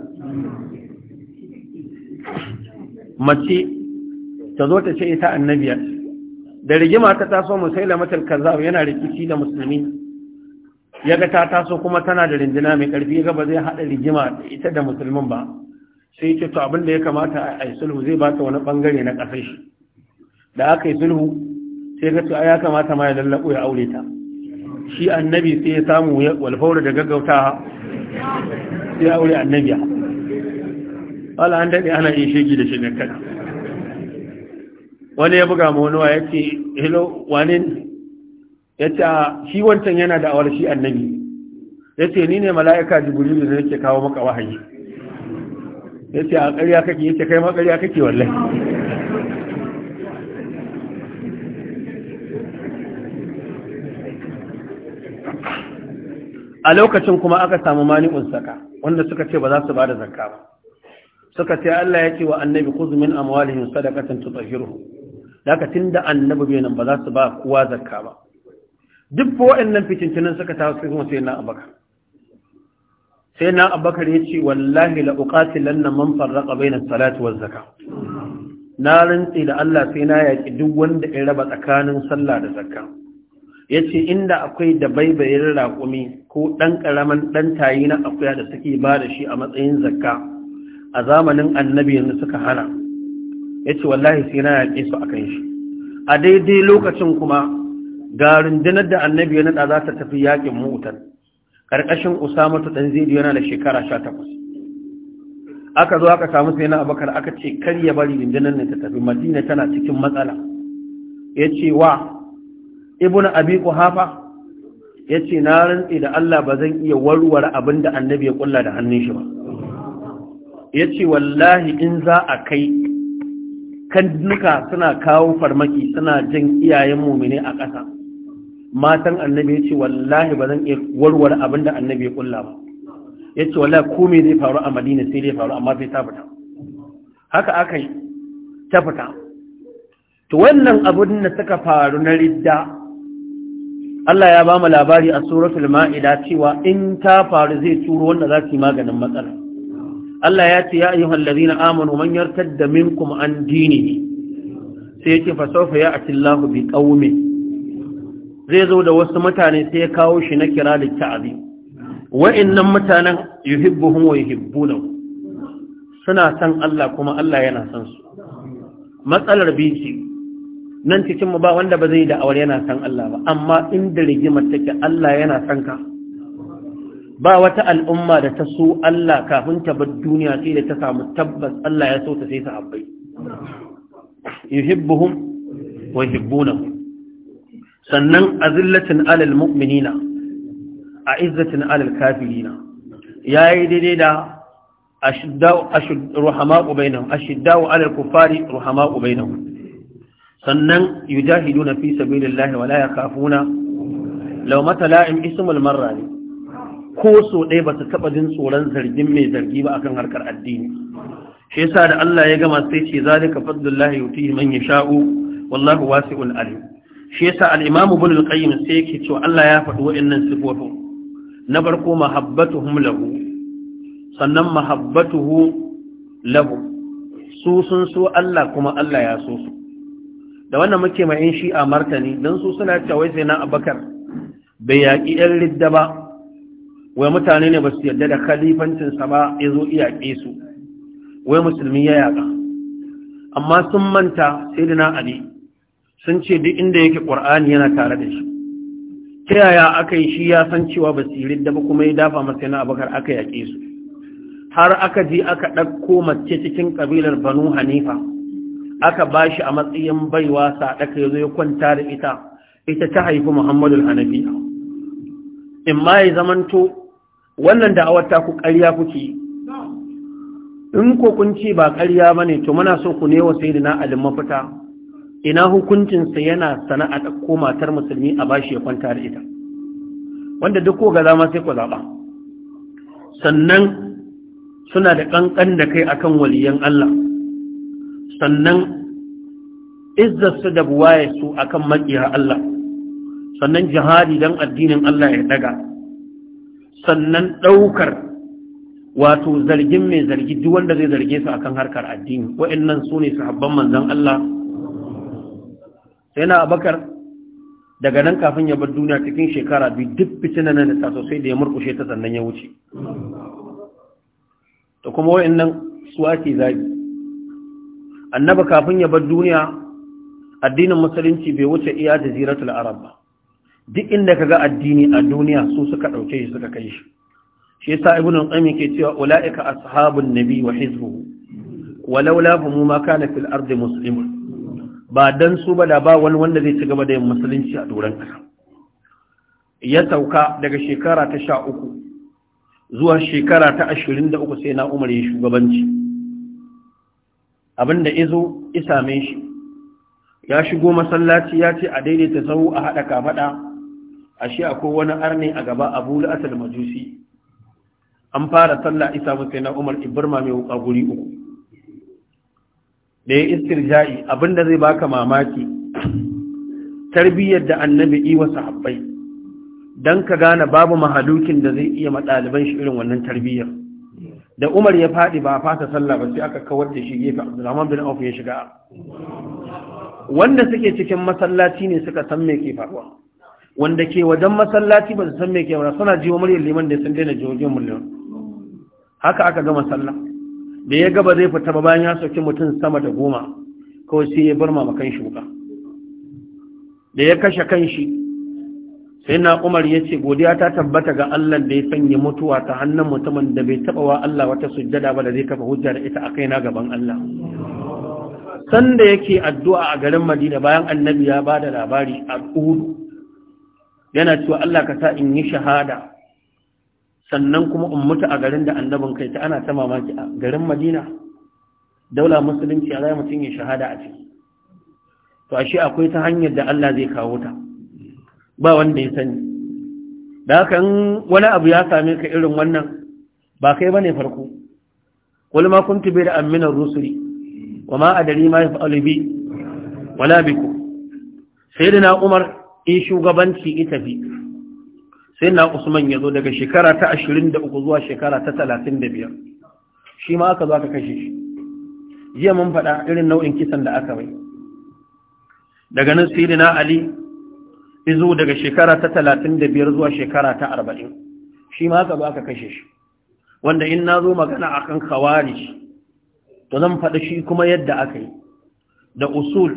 mace ta zo ta ce ita annabiya da rigima ta taso musaila matal kaza yana rikici da musulmi ya ga ta taso kuma tana da rinjina mai ƙarfi ga ba zai haɗa rigima ita da musulmin ba sai ce to abin da ya kamata a yi sulhu zai ba ta wani ɓangare na ƙasar shi da aka yi sulhu sai ga to ya kamata ma ya lallaɓo ya aure ta shi annabi sai ya samu walfaura da gaggauta sai aure annabi. wala an daɗe ana yin shigi da shigar kana wani ya buga ma wani wa ya ce hello wani ya shi wancan yana da awar shi annabi ya ce ni ne mala'ika jibrilu da nake kawo maka wahayi ya ce a ƙarya kake ya ce kai ma ƙarya kake wallahi a lokacin kuma aka samu mani'un saka wanda suka ce ba za su ba zakka ba suka ce Allah ya ce wa annabi khudh min amwalihim sadaqatan tutahhiruhum lakatin da annabi bai nan ba za su ba kowa zakka ba duk waɗannan fitintunan suka ta su kuma sai na abakar sai na abakar ya ce wallahi la uqatilan na man farraqa bainas salati waz zaka na rantsi da Allah sai na yaki duk wanda ya raba tsakanin sallah da zakka yace inda akwai da baibayin raƙumi ko dan karaman dan tayi na akuya da suke ba da shi a matsayin zakka a zamanin annabi yanzu suka hana yace wallahi sai na yaki su akan shi a daidai lokacin kuma ga rundunar da annabi ya nada za ta tafi yakin mutan karkashin usama ta dan zaidu yana da shekara 18 aka zo aka samu sai na abakar aka ce kar ya bari rundunar ne ta tafi madina tana cikin matsala yace wa ibnu abi quhafa yace na rantse da Allah ba zan iya warware abin da annabi ya kulla da hannun shi ba yace wallahi in za a kai Kan duka suna kawo farmaki suna jin iyayen mumine a ƙasa matan annabi ya ce wallahi ba zan iya warware abin da annabi ya kulla ba ya ce wallahi ko me zai faru a madina sai zai faru amma sai ta fita haka aka yi ta fita to wannan abin da suka faru na ridda Allah ya ba mu labari a suratul ma'ida cewa in ta faru zai turo wanda za su yi maganin matsala Allah ya ce ya ayyuhal ladina amanu man yartadda minkum an dinihi sai yake fa sawfa ya'ti Allahu bi qaumin zai zo da wasu mutane sai ya kawo shi na kira litta'azi wa'annan mutanen yuhibbuhum wa yuhibbunahu suna san Allah kuma Allah yana san su matsalar biki nan cikin mu ba wanda ba zai da awar yana san Allah ba amma inda rigimar take Allah yana san ka ba wata al'umma da ta so Allah kafin ta bar duniya sai da ta samu tabbas Allah ya so ta sai ta abai yuhibbuhum wa yuhibbunahum sannan azillatin alal mu'minina a izzatin alal kafirina yayi daidai da ashiddau ruhama'u bainahum ashiddau ruhama kuffari ruhama'u bainahum sannan yujahiduna fi sabilillahi wala yakhafuna law la'im ismul marra ne ko so ɗaya ba su taɓa jin tsoron zargin mai zargi ba akan harkar addini shi yasa da Allah ya gama sai ce zalika fadlullahi yutihi man yasha'u wallahu wasi'ul alim shi yasa al imamu bulul qayyim sai yake cewa Allah ya faɗi wa'annan sifofin na farko mahabbatuhum lahu sannan mahabbatuhu lahu su sun so Allah kuma Allah ya so su da wannan muke mai shi'a martani don su suna cewa sai na abakar bai yaƙi ‘yan ridda ba wai mutane ne ba su yarda da khalifancinsa ba ya zo iyaƙe su wai musulmi ya yaƙa amma sun manta sai da na ali sun ce duk inda yake ƙur'ani yana tare da shi ta yaya aka yi shi ya san cewa basirin su ba kuma ya dafa masa na bakar aka yaƙe su har aka ji aka ɗauko mace cikin ƙabilar banu hanifa aka ba shi a matsayin baiwa saɗaka ya zo ya kwanta da ita ita ta haifi muhammadul hanabi in ma ya zamanto wannan da'awar ta ku ƙarya kuke in ko kun ce ba ƙarya ba ne to muna so ku ne wa sai na mafita ina hukuncinsa yana sana'a ta ko matar musulmi a bashi ya kwanta da ita wanda duk ko gaza ma sai ku zaɓa sannan suna da ƙanƙan da kai akan waliyan Allah sannan izzarsu da buwaye su akan maƙiya Allah sannan jihadi don addinin Allah ya daga sannan ɗaukar wato zargin mai zargi duk wanda zai zarge su akan harkar addini wa'annan su ne sahabban manzon Allah sai na abakar daga nan kafin ya bar duniya cikin shekara biyu duk fitina na nisa sosai da ya murkushe ta sannan ya wuce to kuma nan su ake zabi annaba kafin ya bar duniya addinin musulunci bai wuce iya jaziratul arab ba duk inda ka ga addini a duniya su suka ɗauke shi suka kai shi shi yasa ibnu qayyim ke cewa ulaika ashabun nabi wa hizbuhu walaula humu ma kana fil ardi muslimun ba dan su ba da ba wani wanda zai ci gaba da yin musulunci a doron kasa ya sauka daga shekara ta sha uku zuwa shekara ta ashirin da uku sai na umar ya shugabanci abinda izo mai shi ya shigo masallaci ya ce a daidaita sau a haɗa kafaɗa a shi akwai wani arne a gaba abu la'asar majusi an fara sallah isa sai na umar ibirma mai wuka guri uku da ya istirja'i abinda zai baka mamaki tarbiyyar da annabi yi wa sahabbai don ka gane babu mahalukin da zai iya maɗaliban shi irin wannan tarbiyyar da umar ya faɗi ba a fasa sallah ba sai aka kawar da shi gefe abdulrahman bin auf ya shiga wanda suke cikin masallaci ne suka san me ke faruwa wanda ke wajen masallaci ba su san me ke faruwa suna jiwa muryar liman da sun daina jiwa muryar haka aka gama sallah da ya gaba zai fita ba bayan ya sauki mutum sama da goma kawai sai ya bar mamakan shi wuka da ya kashe kanshi sai na umar ya ce godiya ta tabbata ga Allah da ya sanya mutuwa ta hannun mutumin da bai taɓa wa Allah wata sujjada ba da zai kafa hujja da ita a kaina gaban Allah sanda yake addu'a a garin Madina bayan annabi ya ba da labari a ƙudu yana cewa Allah ka sa in yi shahada sannan kuma in mutu a garin da annabin kai ta ana ta mamaki a garin madina daula musulunci a zai mutum ya shahada a ciki to ashe akwai ta hanyar da Allah zai kawo ta ba wanda ya sani da haka wani abu ya same ka irin wannan ba kai bane farko qul ma kuntu bi amina rusuli wa ma adari ma yaf'alu bi wala da sayyidina umar in shugabanci ita fi sai na usman ya zo daga shekara ta 23 zuwa shekara ta 35 shi ma aka zo aka kashe shi jiya mun faɗa irin nau'in kisan da aka mai daga nan sai na ali izo daga shekara ta 35 zuwa shekara ta 40 shi ma aka zo aka kashe shi wanda in na zo magana akan khawarij to zan faɗa shi kuma yadda aka yi da usul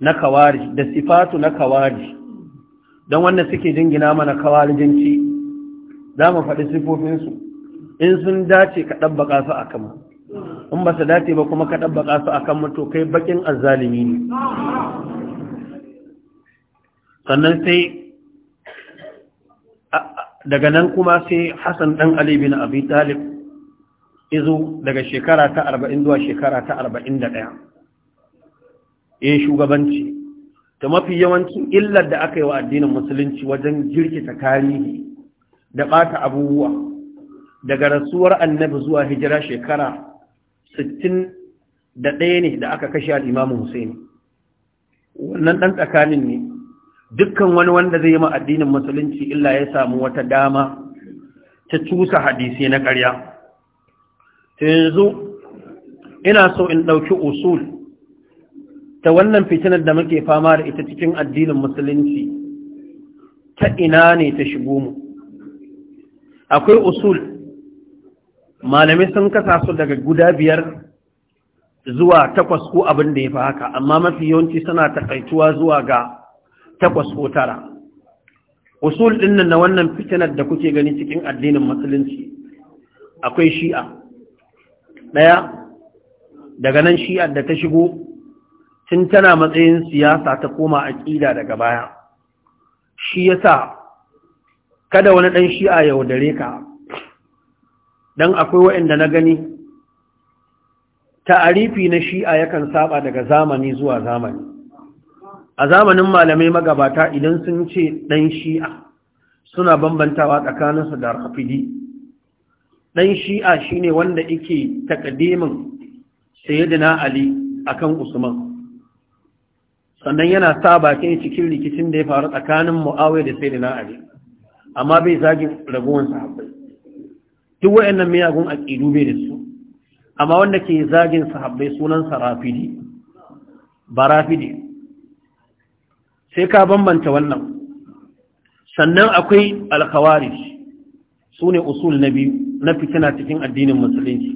na khawarij da sifatu na khawarij don wannan suke jingina mana kawarijinci za mu faɗi sifofinsu in sun dace ka ɗabbaƙa su a kama in ba su dace ba kuma ka ɗabbaƙa su a kan to kai baƙin azalimi ne sannan sai daga nan kuma sai hassan ɗan ali bin abi talib izo daga shekara ta arba'in zuwa shekara ta arba'in da ɗaya. ya shugabanci ta mafi yawancin illar da aka yi wa addinin musulunci wajen jirkita tarihi da ɓata abubuwa daga rasuwar annabi zuwa hijira shekara 61 ne da aka kashe al'imamu Hussein wannan ɗan tsakanin ne dukkan wani wanda zai yi ma addinin musulunci illa ya samu wata dama ta cusa hadisi na ƙarya yanzu ina so in ɗauki usul ta wannan fitinar da muke fama da ita cikin addinin musulunci ta ina ne ta shigo mu akwai usul Malami sun kasa su daga guda biyar zuwa takwas ko abin da ya fi haka amma mafi yawanci suna takaituwa zuwa ga takwas ko tara usul ɗinnan na wannan fitinar da kuke gani cikin addinin musulunci akwai shi'a ɗaya daga nan shi'a da ta shigo tun tana matsayin siyasa ta koma aƙida daga baya shi ya sa kada wani ɗan shi'a yaudare ka don akwai waɗanda na gani ta'arifi na shi'a yakan saba daga zamani zuwa zamani a zamanin malamai magabata idan sun ce ɗan shi'a suna bambantawa tsakaninsu da rafidi ɗan shi'a shine wanda yake takadimin sayyidina ali akan usman sannan yana sa bakin cikin rikicin da ya faru tsakanin mu'awai da sai da na'ari amma bai zagi ragowar sahabbai duk wa'annan miyagun aƙidu bai da su amma wanda ke zagin sahabbai sunansa rafidi ba rafidi sai ka bambanta wannan sannan akwai alkhawarij su ne usul na biyu na fitina cikin addinin musulunci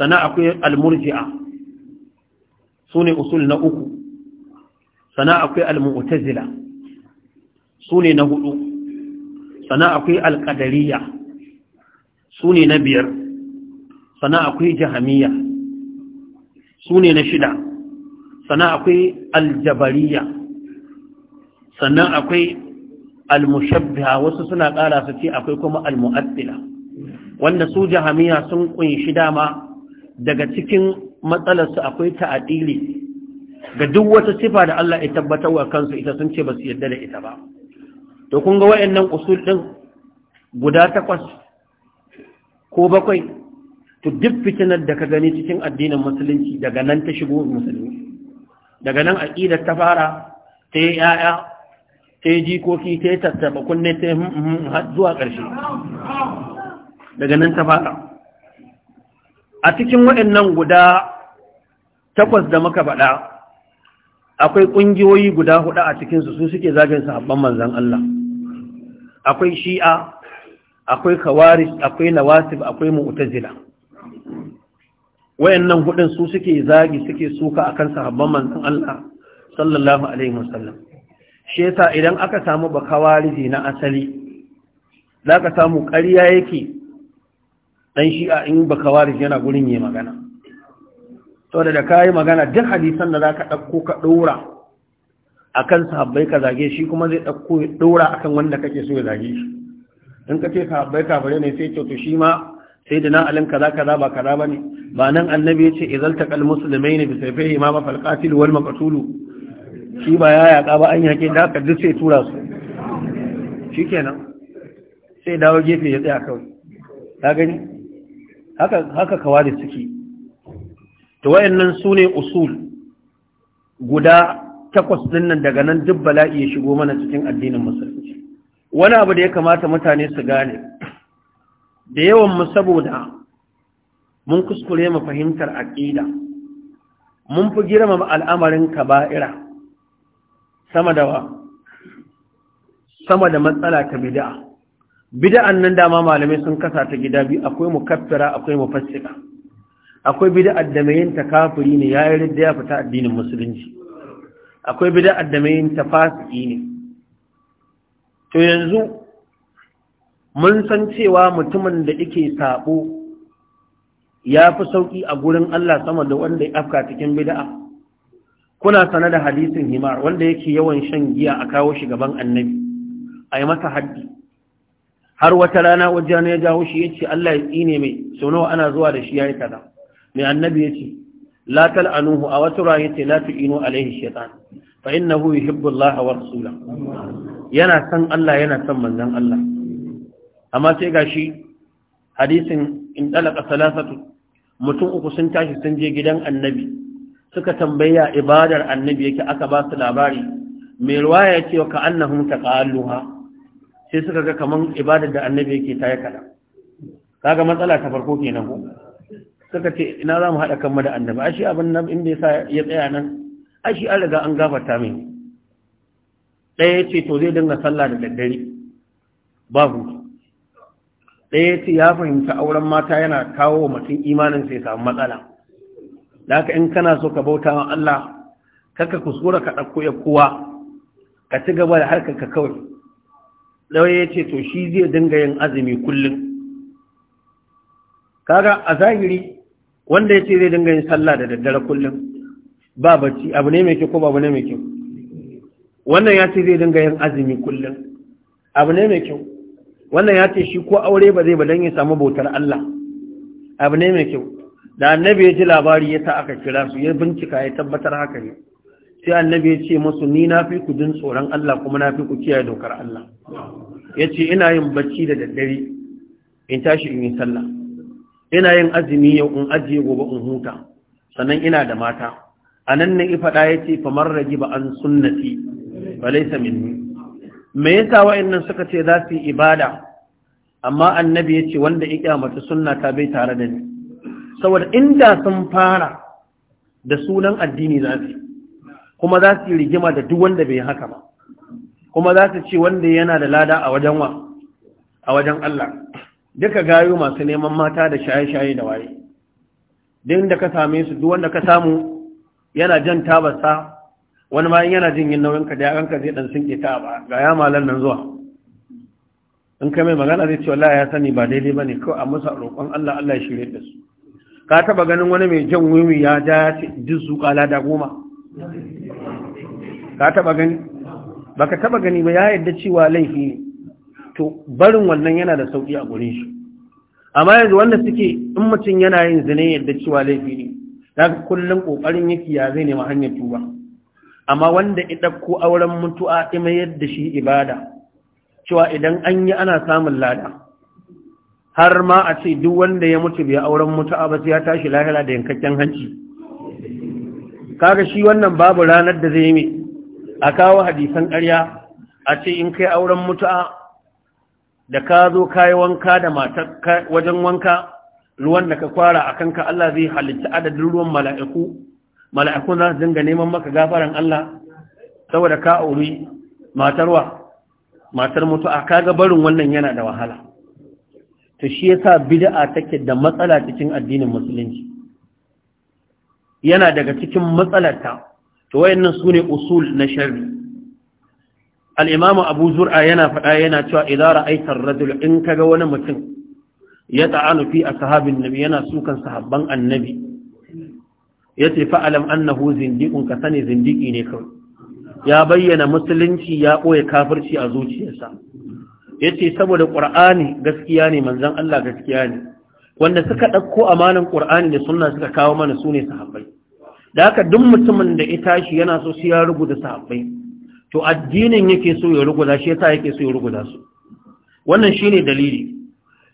sannan akwai almurji'a su ne usul na uku sana akwai al-mu'tazila su ne na hudu sana akwai al-qadariyya su ne na biyar sana akwai jahamiyya su ne na shida sana akwai al-jabariyya sannan akwai al-mushabbiha wasu suna ƙara su ce akwai kuma al-mu'attila wanda su jahamiya sun kunshi dama daga cikin su akwai ta'adili ga duk wata sifa da Allah ya tabbatar wa kansu ita sun ce ba su yarda da ita ba to kun ga wayannan usul din guda takwas ko bakwai to duk fitinar da ka gani cikin addinin musulunci daga nan ta shigo musulmi daga nan aƙidar ta fara ta yi yaya ta yi jikoki ta yi tattaɓa, kunne ta yi hm, hm, hm, zuwa ƙarshe daga nan ta fara a cikin waɗannan guda takwas da muka faɗa akwai ƙungiyoyi guda huɗu a cikinsu su suke zagin sahabban manzan Allah akwai shi'a akwai kawaris akwai nawasib akwai mu'tazila wayannan hudun su suke zagi suke suka akan sahabban manzon Allah sallallahu alaihi wasallam shi yasa idan aka samu bakawarizi na asali zaka samu ƙarya yake dan shi'a in baka wari yana gurin yi magana saboda da kayi magana duk hadisan da zaka dauko ka dora akan sahabbai ka zage shi kuma zai dauko ya dora akan wanda kake so ya zage shi in ka ce sahabbai bare ne sai ce to shi ma sai da na'alin kaza kaza ba kaza bane ba nan annabi ya ce idzal taqal muslimaini bi sayfihi ma ma falqatil wal maqtul shi ba ya yaka ba an yake da ka duk sai tura su shikenan sai dawo gefe ya tsaya kawai ka gani haka kawa da suke to wayannan ne usul guda takwas din daga nan duk bala'i ya shigo mana cikin addinin musulunci wani abu da ya kamata mutane su gane da yawan mu saboda mun kuskure mu fahimtar aƙida, mun fi girmama al'amarin kaba'ira sama da sama da matsala ta bid'a bid'an nan dama malamai sun kasa ta gida biyu akwai mukaffira akwai mufassika akwai bid'ar da mai ta kafiri ne ya yi da ya fita addinin musulunci akwai bid'ar da mai ta fasiki ne to yanzu mun san cewa mutumin da yake sabo ya fi sauki a gurin Allah sama da wanda ya afka cikin bid'a kuna sane da hadisin himar wanda yake yawan shan giya a kawo shi gaban annabi a yi masa haddi har wata rana wajen ya jawo shi yace Allah ya tsine mai sau nawa ana zuwa da shi yayi kaza mai annabi yace la tal'anuhu a wata rana yace la tu'inu alaihi shaytan fa innahu yuhibbu Allah wa rasulahu yana san Allah yana san manzon Allah amma sai gashi hadisin in dalaka salasatu mutum uku sun tashi sun je gidan annabi suka tambaya ibadar annabi yake aka ba su labari mai ruwaya ya ce wa ka'annahum taqalluha sai suka ga kaman ibadar da annabi yake ta yi kaɗan kaga matsala ta farko kenan ko suka ce ina za mu haɗa kanmu da annabi ashi abin nan inda ya ya tsaya nan ashi an riga an gafarta mai ɗaya ya ce to zai dinga sallah da daddare babu ɗaya ya ce ya fahimta auren mata yana kawo wa mutum imanin sai samu matsala da haka in kana so ka bauta wa Allah kaka kuskura ka ɗauko ya kowa ka ci gaba da harkar ka kawai ɗaya ya ce to shi zai dinga yin azumi kullum kaga a zahiri wanda ya ce zai dinga yin sallah da daddare kullum ba bacci abu ne mai kyau ko ba abu ne mai kyau wannan ya ce zai dinga yin azumi kullum abu ne mai kyau wannan ya ce shi ko aure ba zai ba don ya samu bautar Allah abu ne mai kyau da annabi ya ji labari ya sa aka kira su ya bincika ya tabbatar haka ne sai annabi ya ce musu ni na fi ku jin tsoron Allah kuma na fi ku kiyaye dokar Allah ya ce ina yin bacci da daddare in tashi in yi sallah ina yin azumi yau in ajiye gobe in huta sannan ina da mata a nan ne faɗa ya ce famar ragi ba an sunnati ba laisa minni me yasa wa'annan suka ce za su yi ibada amma annabi ya ce wanda ya mata sunna ta bai tare da ni saboda inda sun fara da sunan addini za su kuma za su yi rigima da duk wanda bai haka ba kuma za su ce wanda yana da lada a wajen wa a wajen Allah duka gayu masu neman mata da shaye-shaye da waye din da ka same su duk wanda ka samu yana jan tabarsa wani ma yana jin yin nauyin ka da yaranka zai dan sinke ta ba ga ya malan nan zuwa in ka mai magana zai ce wallahi ya sani ba daidai bane ko a musa roƙon Allah Allah ya shirye da su ka taba ganin wani mai jan wiwi ya ja ya ce jizu kala da goma ka taba gani baka taba gani ba ya yadda cewa laifi ne to barin wannan yana da sauki a gurin shi amma yanzu wanda suke in mutum yana yin zane yadda cewa laifi ne ka kullum kokarin yake ya zai nema hanyar tuba amma wanda idan ko auren mutu'a ima yadda shi ibada cewa idan an yi ana samun lada har ma a ce duk wanda ya mutu bai auren mutu'a ba sai ya tashi lahira da yankakken hanci kaga shi wannan babu ranar da zai yi a kawo hadisan ƙarya a ce in kai auren mutu'a da ka zo kayi wanka da matar wajen wanka ruwan da ka kwara a kanka Allah zai halitta adadin ruwan mala'iku mala'iku za su dinga neman maka gafaran Allah saboda ka auri matarwa matar mutu'a kaga barin wannan yana da wahala to shi yasa bid'a take da matsala cikin addinin musulunci yana daga cikin matsalarta to wayannan sune ne usul na sharri al al-imamu abu zur'a yana faɗa yana cewa ra'aita ar rajul in kaga wani mutum ya ta'anu fi a sahabin nabi yana sukan sahabban annabi ya ce alam annahu zindiqun ka sani zindiqi ne kawai ya bayyana musulunci ya ɓoye kafirci a zuciyarsa yace saboda ƙur'ani gaskiya ne manzon Allah gaskiya ne wanda suka ɗauko amanin ƙur'ani da suna suka kawo mana su ne sahabbai da haka duk mutumin da ita shi yana so su ya rubuta sahabbai to addinin yake so ya rubuta shi yasa yake so ya rubuta su wannan shine dalili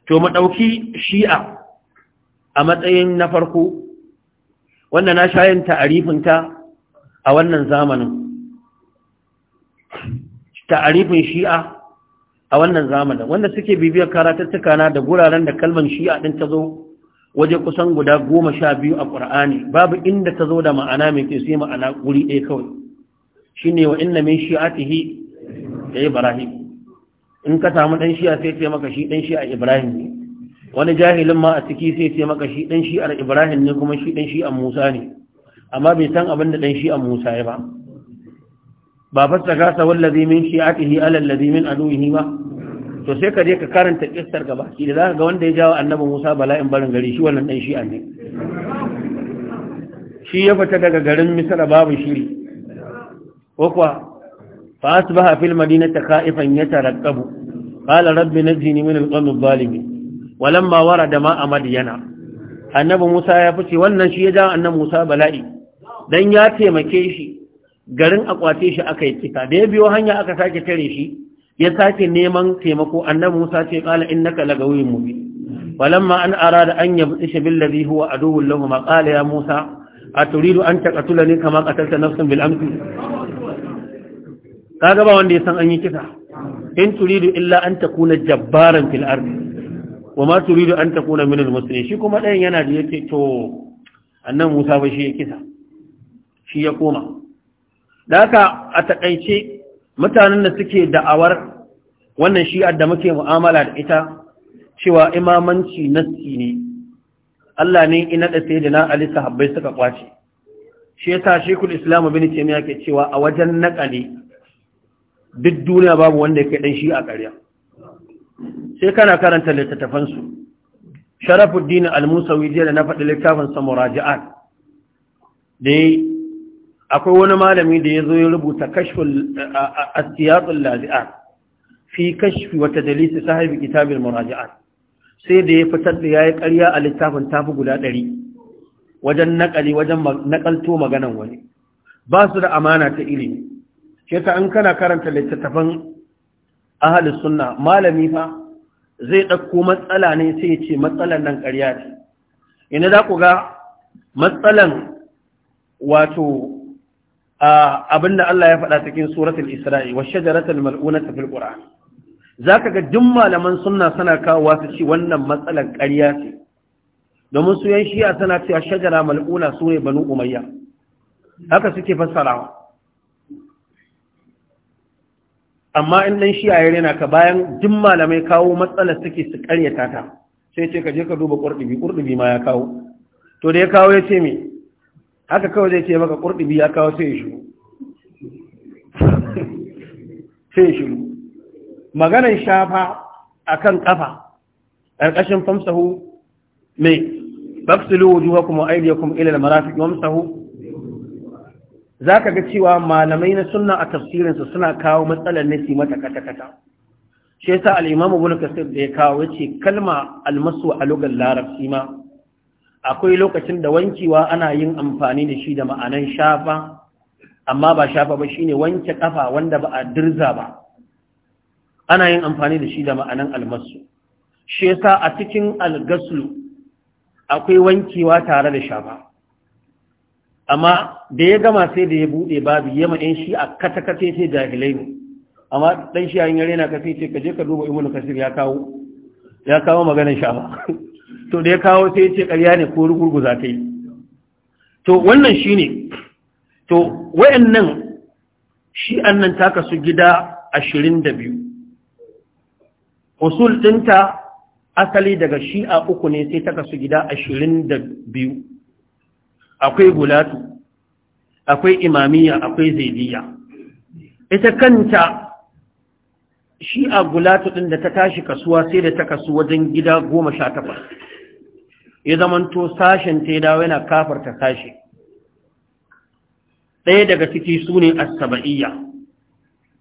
to mu dauki shi'a a matsayin na farko wanda na shayin ta'arifin ta a wannan zamanin ta'arifin shi'a a wannan zamanin wanda suke bibiyar karatattuka na da guraren da kalmar shi'a din ta zo waje kusan guda goma sha biyu a ƙur'ani babu inda ta zo da ma'ana mai ke sai ma'ana guri ɗaya kawai shine wa inna min shi'atihi ya ibrahim in ka samu ɗan shi'a sai ce maka shi ɗan shi'a ibrahim ne wani jahilin ma a ciki sai ce maka shi ɗan shi'ar ibrahim ne kuma shi ɗan shi'ar musa ne amma bai san abin da ɗan shi'ar musa ya ba ba fasta gasa wallazi min shi'atihi alal allazi min aduwihi ba to sai ka je ka karanta kistar gaba shi da zaka ga wanda ya jawo annabi Musa bala'in barin gari shi wannan dan shi'a ne shi ya fita daga garin Misra babu shiri ko ta fa asbaha fil madinati khaifan yatarqabu qala rabbi najini min al-qawmi adh-dhalimin walamma warada ma'a yana. annabi Musa ya fice wannan shi ya jawo annabi Musa bala'i dan ya taimake shi garin akwate shi aka yi kita da ya biyo hanya aka sake tare shi ya sake neman taimako annabi Musa ce kala innaka lagawiyyun mubin walamma an arada an yabtisha ladhi huwa aduwwul lahum qala ya Musa aturidu an taqatulani kama qatalta nafsan bil amsi kaga ba wanda ya san an yi kisa in turidu illa an takuna jabbaran fil ardi ma turidu an takuna minal muslimin shi kuma ɗayan yana da yake, to annan Musa ba shi ya kisa shi ya koma daka a takaice mutanen da suke da'awar wannan shi'ar da muke mu'amala da ita cewa imamanci nassi ne Allah ne ina da sai da na Ali sahabbai suka kwace shi yasa Sheikhul Islam Ibn Taymiyyah ke cewa a wajen naqali duk duniya babu wanda yake dan shi'a a ƙarya sai kana karanta littafan su Sharafuddin Al-Musawi da na faɗi littafin sa Muraji'at dai akwai wani malami da ya zo ya rubuta kashful asiyatul lazi'at fi kashfi wa tadlis sahibi kitabil muraji'at sai da ya fitar da yayi ƙarya a littafin tafi guda ɗari wajen nakali wajen maganan wani ba su da amana ta ilimi ke ta an kana karanta littattafan ahalin sunna malami fa zai ɗauko matsala ne sai ya ce matsalan nan ƙarya ce ina za ku ga matsalan wato abinda Allah ya faɗa cikin suratul Isra'i wa shajaratul mal'unata fil Qur'an zaka ga duk malaman sunna suna kawo su ci wannan matsalan ƙarya ce domin su yan shi'a suna cewa shajara mal'una sune banu umayya haka suke fassarawa amma in dan shi rena ka bayan duk malamai kawo matsalar suke su karyata ta sai ce ka je ka duba ƙurɗubi ƙurɗubi ma ya kawo to da ya kawo ya ce me haka kawai zai ce maka kurdubi ya kawo sai shi sai shi maganar shafa a kan ƙafa. ƙarƙashin famsahu mai bafsilu wujuhakum ya kuma ilil marafi marafiq wamsahu ka ga cewa malamai na sunna a tafsirinsu suna kawo matsalar nasi mata kata kata shi yasa al-imam ibn kasir da ya kawo ce kalma almasu a lugar larabci ma akwai lokacin da wankewa ana yin amfani da shi da ma'anan shafa amma ba shafa ba shine wanke kafa wanda ba a dirza ba ana yin amfani da shi da ma'anan almasu shi yasa a cikin algaslu akwai wankewa tare da shafa amma da ya gama sai da ya bude babu yama ɗan shi a katakate sai jahilai ne amma dan shi yayin yare na kafe ce ka ka duba ibnu kasir ya kawo ya kawo maganar shafa to da ya kawo sai ya ce ƙarya ne ko za ta yi to wannan shi ne to wayannan shi nan ta kasu gida ashirin da biyu usul ɗinta asali daga shi'a uku ne sai ta kasu gida ashirin da biyu akwai gulatu akwai imamiya akwai zaidiya ita kanta shi'a gulatu ɗin da ta tashi kasuwa sai da ta kasu wajen gida goma sha takwas ya zamanto sashen ta dawo yana kafarta sashi ɗaya daga ciki su ne as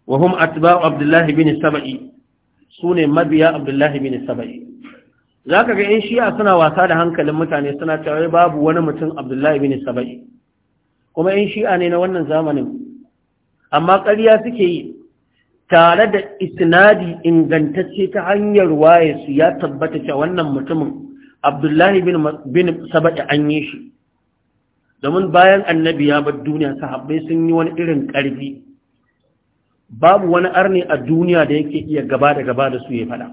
wa hum atba'u abdullahi bin saba'i su ne mabiya abdullahi bin saba'i zaka ga yan shi'a suna wasa da hankalin mutane suna cewa babu wani mutum abdullahi bin saba'i kuma yan shi'a ne na wannan zamanin amma ƙarya suke yi tare da isnadi ingantacce ta hanyar waye su ya tabbata cewa wannan mutumin abdullahi bin saba'i an yi shi domin bayan annabi ya bar duniya sahabbai sun yi wani irin ƙarfi babu wani arni a duniya da yake iya gaba da gaba da su ya fada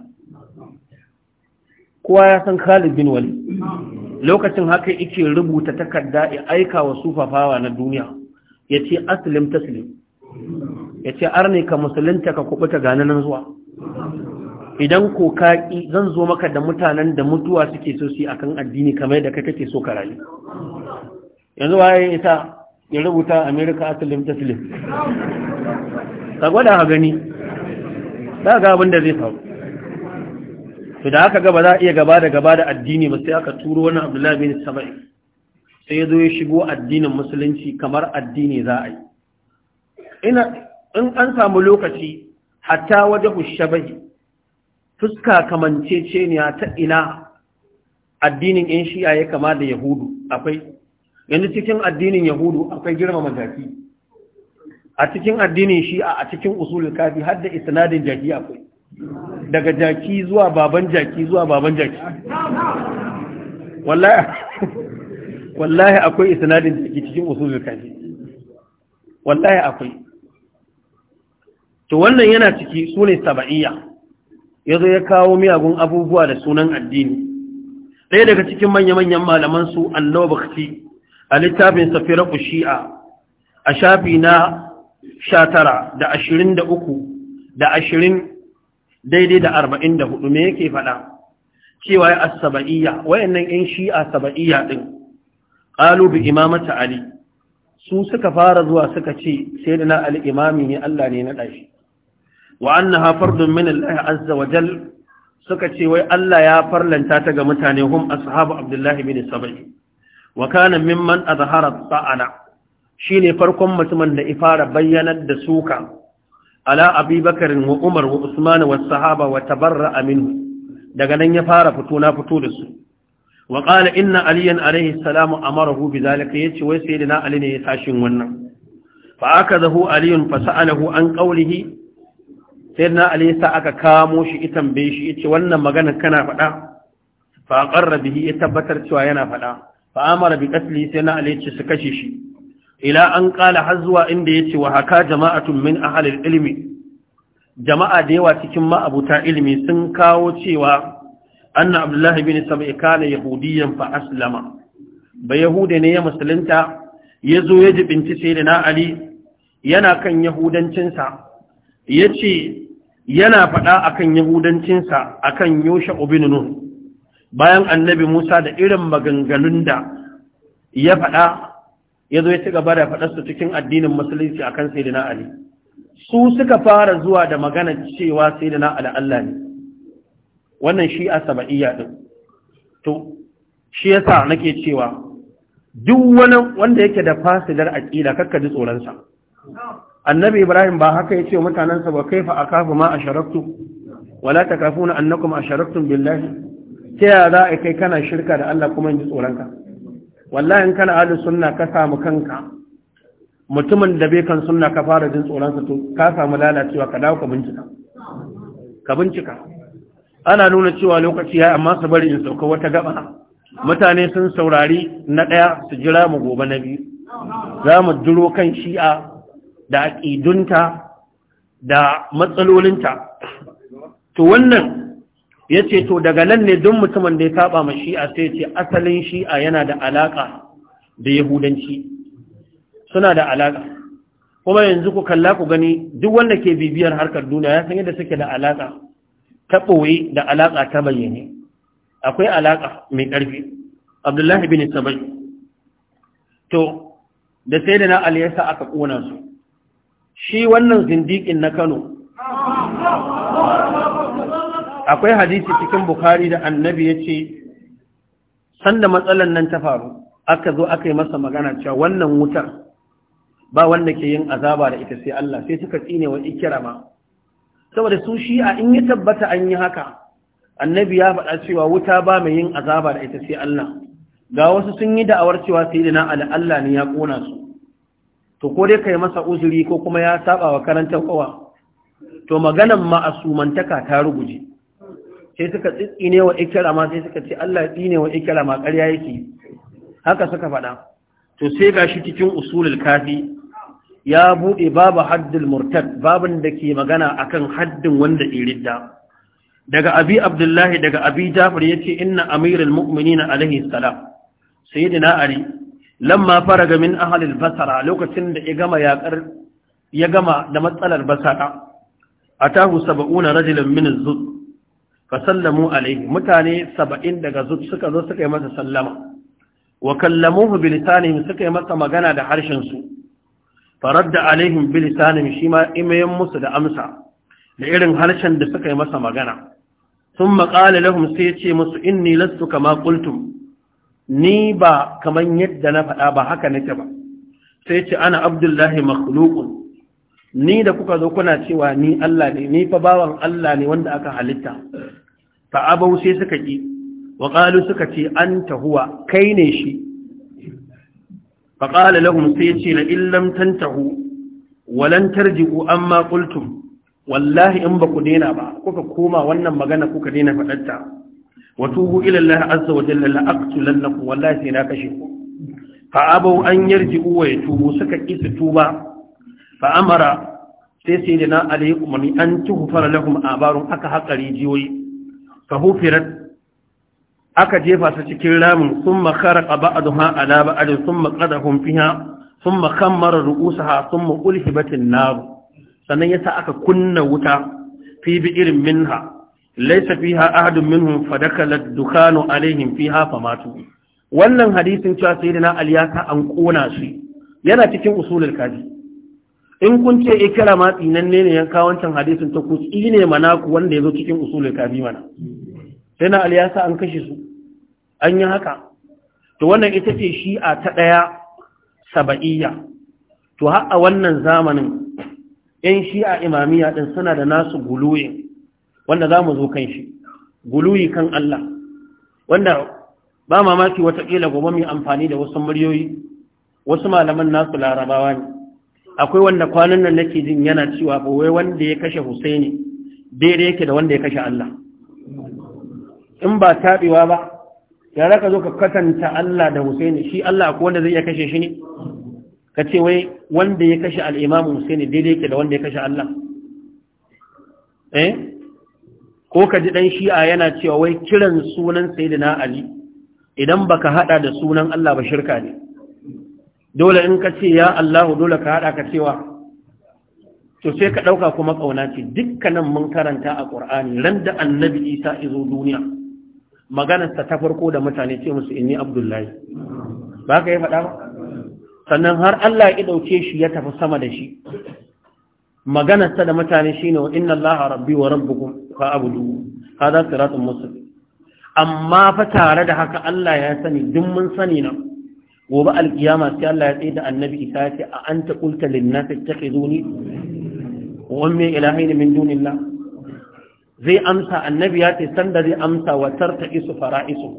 kowa ya san khalid bin wali lokacin haka yake rubuta takarda ya aika wa sufafawa na duniya ya ce aslim taslim ya ce arni ka musulunta ka kubuta gananan zuwa idan ko kaƙi zan zo maka da mutanen da mutuwa suke so su akan addini kamar da kai kake so ka rayu yanzu waye ita ya rubuta america aslim taslim ka gwada ha gani da ga abin da zai faru to da aka ba za a iya gaba da gaba da addini ba sai aka turo wani abdullahi bin saba'i sai ya zo ya shigo addinin musulunci kamar addini za a yi in an samu lokaci hatta wajen shabahi fuska kamanceceniya ta ina addinin ‘yan shi'a ya kama da Yahudu akwai, yanzu cikin addinin Yahudu akwai girmama jaki, a cikin addinin shi'a a cikin usulun kafi har da isnadin jaki akwai, daga jaki zuwa baban jaki zuwa baban jaki. Wallahi akwai isnadin jaki cikin usulun kafi, wallahi akwai. To wannan yana ciki su ne saba'iyya. ya zo ya kawo miyagun abubuwa da sunan addini ɗaya daga cikin manya-manyan malaman su annawa bakti a littafin safira shi'a a shafi na sha tara da ashirin da uku da ashirin daidai da arba'in da hudu me yake faɗa cewa ya asaba'iyya wayannan 'yan shi'a saba'iyya ɗin ƙalubi imamata ali su suka fara zuwa suka ce sai da na al'imami ne Allah ne na ɗashi wa annaha fardun min Allah azza wa jal suka ce wai Allah ya farlanta ta ga mutane hum ashabu Abdullahi bin Sabai wa kana mimman azhara ta'ana shine farkon mutumin da ifara bayyanar da suka ala Abi Bakar wa Umar wa Usman wa sahaba wa barra Aminu, daga nan ya fara fito na fito da su wa qala inna aliyan alayhi salamu amarahu bidhalika yace wai na Ali ne ya tashin wannan fa akazahu aliyun fa sa'alahu an qawlihi sai na alisa aka kamo shi itan bai shi ita wannan magana kana faɗa fa aqarra bihi ya tabbatar cewa yana faɗa fa amara bi qatli sai na alisa su kashe shi ila an qala har zuwa inda yace wa haka jama'atun min ahli ilmi jama'a da yawa cikin ma'abuta ilmi sun kawo cewa anna abdullah bin sab'i kana yahudiyan fa aslama ba yahude ne ya musulunta ya zo ya jibinci sayyidina da ali yana kan yahudancinsa ya ce yana faɗa akan yahudancinsa akan yosha obin bayan annabi musa da irin maganganun da ya faɗa ya zo ya ci gaba da faɗarsa cikin addinin musulunci akan sayyidina ali su suka fara zuwa da magana cewa sayyidina ali Allah ne wannan shi a saba'iyya din to shi yasa nake cewa duk wani wanda yake da fasidar aqida kakkaji ji tsoron annabi ibrahim ba haka ya ce wa mutanensa ba kaifa a kafa ma a sharaktu wala ta kafu na annakum a sharaktun billahi ta yaya za a kai kana shirka da allah kuma ji tsoronka wallahi in kana ahlus sunna ka samu kanka mutumin da bai kan sunna ka fara jin tsoronsa to ka samu lalacewa ka dawo ka bincika ka bincika ana nuna cewa lokaci ya amma su bari in sauka wata gaba mutane sun saurari na ɗaya su jira mu gobe na biyu za mu duro kan shi'a da aƙidunta da matsalolinta to wannan ya ce to daga nan ne don mutumin da ya saba ma shi'a sai ce asalin shi'a yana da alaƙa da yahudanci suna da alaƙa kuma yanzu ku kalla ku gani duk wanda ke bibiyar harkar duniya ya san yadda suke da alaƙa ta ɓoye da alaƙa ta bayyane akwai alaƙa mai ƙarfi abdullahi bin sabai to da sai da na aliyasa aka ƙona su shi wannan zindikin na Kano akwai hadisi cikin Bukhari da Annabi ya ce, sanda matsalan nan ta faru aka zo aka yi masa magana cewa wannan wutar ba wanda ke yin azaba da ita sai Allah sai suka tsine wa ikirama saboda su shi a in ya tabbata an yi haka annabi ya faɗa cewa wuta ba mai yin azaba da ita sai Allah ga wasu sun yi da'awar cewa sai da na Allah ne ya ƙona su to ko dai kai masa uzuri ko kuma ya saba wa karantar kowa to maganan ma'asumantaka ta ruguje sai suka tsitsine wa ikira, ma sai suka ce Allah tsine wa ikira ma ƙarya yake haka suka faɗa to sai gashi cikin usulul kafi ya buɗe babu haddul murtad babin da ke magana akan haddin wanda iridda daga abi abdullahi daga abi jafar ya ce inna amirul mu'minina alaihi salam sayyidina ali lamma faraga min ahalil basara lokacin da ya gama yakar ya gama da matsalar basara atahu sab'una rajulan min az-zud fa sallamu alayhi mutane 70 daga zud suka zo suka yi masa sallama wa kallamuhu bi lisanihim suka yi masa magana da harshen su faradda alaihim bi lisanihim shi ma imayen musu da amsa da irin harshen da suka yi masa magana thumma qala lahum sai ya ce musu inni lastu kama qultum ni ba kaman yadda na faɗa ba haka nake ba sai ce ana abdullahi makhluqun ni da kuka zo kuna cewa ni Allah ne ni fa bawan Allah ne wanda aka halitta fa abau sai suka ki wa qalu suka ce anta huwa kai ne shi fa qala lahum sai ce la illam tantahu walan tarji'u amma qultum wallahi in ba ku daina ba kuka koma wannan magana kuka daina faɗarta wa tubu ila Allah azza wa jalla la aqtulannakum wallahi sai na kashe ku fa abaw an yarji'u wa yatubu suka kisa tuba fa amara sai sai da na alaykum ni an tuhfara lahum abarun aka rijiyoyi. jiyoyi fa hufirat aka jefa su cikin ramin summa kharaqa ba'daha ala ba'd summa qadahum fiha summa khammara ru'usaha summa ulhibatin nar sannan yasa aka kunna wuta fi bi irin minha laysa fiha ahadun minhum fadakala dukanu alaihim fiha famatu wannan hadisin cewa sayyidina ali ya ka an kona shi yana cikin usulul kaji in kun ce ma tsinan ne yanka wancan hadisin ta ku tsine mana ku wanda yazo cikin usulul kaji mana sayyidina ali ya sa an kashe su an yi haka to wannan ita ce shi'a ta daya saba'iyya to har a wannan zamanin 'yan shi'a imamiya din suna da nasu guluyin wanda za mu zo kan shi guluyi kan Allah wanda ba mamaki watakila gobe mai amfani da wasu muryoyi wasu malaman nasu larabawa ne akwai wanda kwanan nan nake jin yana cewa ba wai wanda ya kashe Husaini daidai yake da wanda ya kashe Allah in ba taɓewa ba yara ka zo ka katanta Allah da Husaini shi Allah akwai wanda zai iya kashe shi ne ka ce wai wanda ya kashe al'imamu Husaini daidai yake da wanda ya kashe Allah eh ko ka ji ɗan shi'a yana cewa wai kiran sunan Sayyidina ali idan baka haɗa da sunan Allah ba shirka ne dole in ka ce ya Allahu dole ka hada ka cewa to sai ka ɗauka kuma ƙauna ce dukkanin mun karanta a ƙur'ani ran da annabi isa izo duniya maganarsa ta farko da mutane ce musu inni abdullahi ba ka yi faɗa ba sannan har Allah ya ɗauke shi ya tafi sama da shi maganarsa da mutane shine wa inna allaha rabbi wa rabbukum fa abudu hada siratun mustaqim amma fa tare da haka Allah ya sani duk mun sani na. gobe alkiyama sai Allah ya tsaye da annabi isa ya ce a anta qulta lin nas ittakhizuni wa ummi ilahin min dunillah zai amsa annabi ya ce sanda zai amsa wa tarta isu fara'isu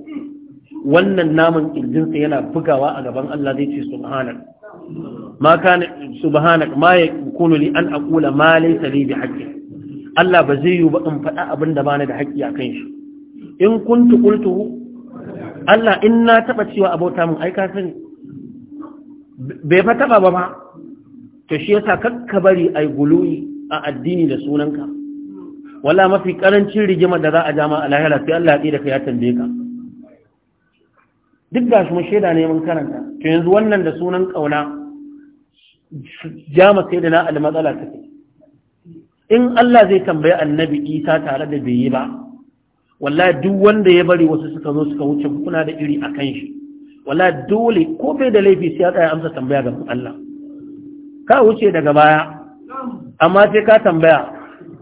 wannan namun kirjinsa yana bugawa a gaban Allah zai ce subhanak ma kana subhanaka ma yakunu li an aqula ma laysa li bi haqqi Allah ba zai yi ba in faɗa abin da bani da haƙƙi akan shi in kuntu qultuhu Allah in na taɓa cewa abota mun ai ka sani bai fa taɓa ba ma to shi yasa kakka bari ai guluyi a addini da sunanka wala mafi karancin rigima da za a jama a lahira sai Allah ya da ka ya tambaye ka duk ga shi shaida ne mun karanta to yanzu wannan da sunan kauna jama sai da na almatsala take in Allah zai tambayi annabi Isa tare da bai yi ba wallahi duk wanda ya bari wasu suka zo suka wuce kuna da iri akan shi wallahi dole ko bai da laifi sai ya tsaya amsa tambaya ga Allah ka wuce daga baya amma sai ka tambaya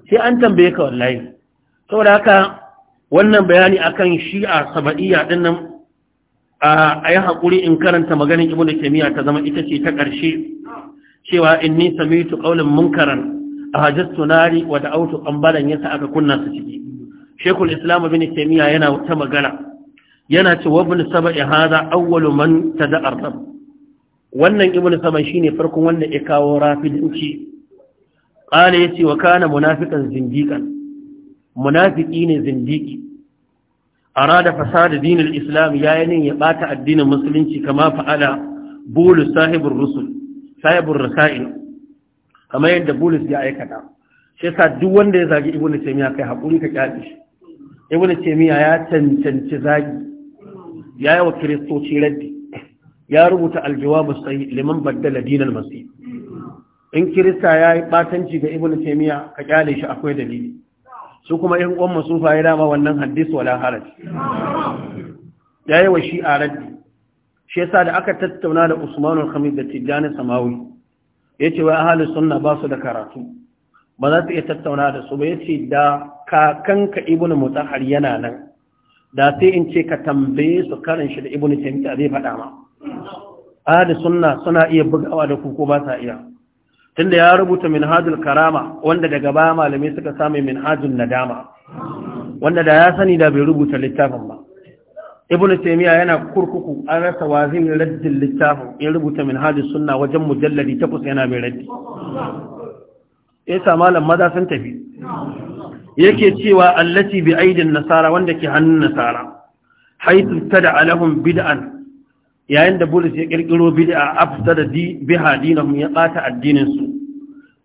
sai an tambaye ka wallahi saboda haka wannan bayani akan shi'a saba'iyya dinnan a yi haƙuri in karanta maganin da kemiya ta zama ita ce ta ƙarshe cewa in mai tu ƙaunin munkaran ahajjastu nari wa an qambalan yasa aka kunna su ciki shekul islamu bin kemiya yana ta magana yana ce wa saba ya haza awwalu man da'ar rab wannan saba shi ne farkon wanda ya kawo rafidanci ya ce wa kana munafiki ne zindiki arada fasada dinin islam yayin ya bata addinin musulunci kama fa'ala bulus sahibur rusul sahibur rasail kamar yadda bulis ya aikata shi duk wanda ya zagi ibnu taymiya kai hakuri ka kyale shi ibnu taymiya ya cancanci zagi ya yi wa kiristoci raddi ya rubuta aljawabu sai liman baddala dinal masih in kirista ya yi batanci ga ibnu taymiya ka kyale shi akwai dalili su kuma yan uwan masufa ya dama wannan hadis wala haraj yi wa shi raddi shi yasa da aka tattauna da Usman al da tijjani Samawi Ya ce wa ahli sunna ba su da karatu ba za su iya tattauna da su ba ya ce da kakan ka Ibn Mutahhar yana nan da sai in ce ka tambaye su karin shi da Ibn Taymiyyah zai faɗa ma ahli sunna suna iya bugawa da ku ko ba sa iya tunda ya rubuta minhajul karama wanda daga baya malamai suka samu minhajul nadama wanda da ya sani da bai rubuta littafin ba ibnu taymiya yana kurkuku an rasa wazin raddin littafin ya rubuta minhajus sunna wajen mujalladi takwas yana mai raddi yasa malam maza sun tafi yake cewa allati bi aidin nasara wanda ke hannun nasara haythu tada alahum bid'an yayin da bulus ya kirkiro bid'a afsada di biha dinahum ya bata addinin su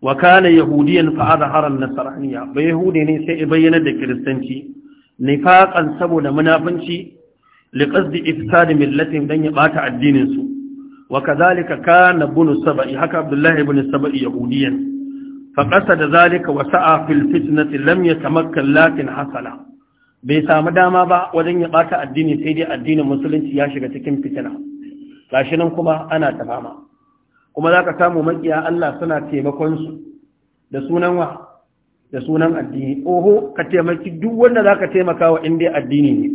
wa kana yahudiyan fa azhara an-nasraniyya ba yahudi ne sai ya bayyana da kristanci nifaqan saboda munafinci liqasdi ifsad millatin dan ya bata addinin su wa kadhalika kana bunu sabai haka abdullahi ibn sabai yahudiyan fa qasada zalika wa sa'a fil fitnati lam yatamakkan lakin hasala bai samu dama ba wajen ya ɓata addini sai dai addinin musulunci ya shiga cikin fitina gashi nan kuma ana tafama kuma za ka samu makiya Allah suna taimakonsu da sunan wa da sunan addini oho ka taimaki duk wanda za ka taimaka wa inda addini ne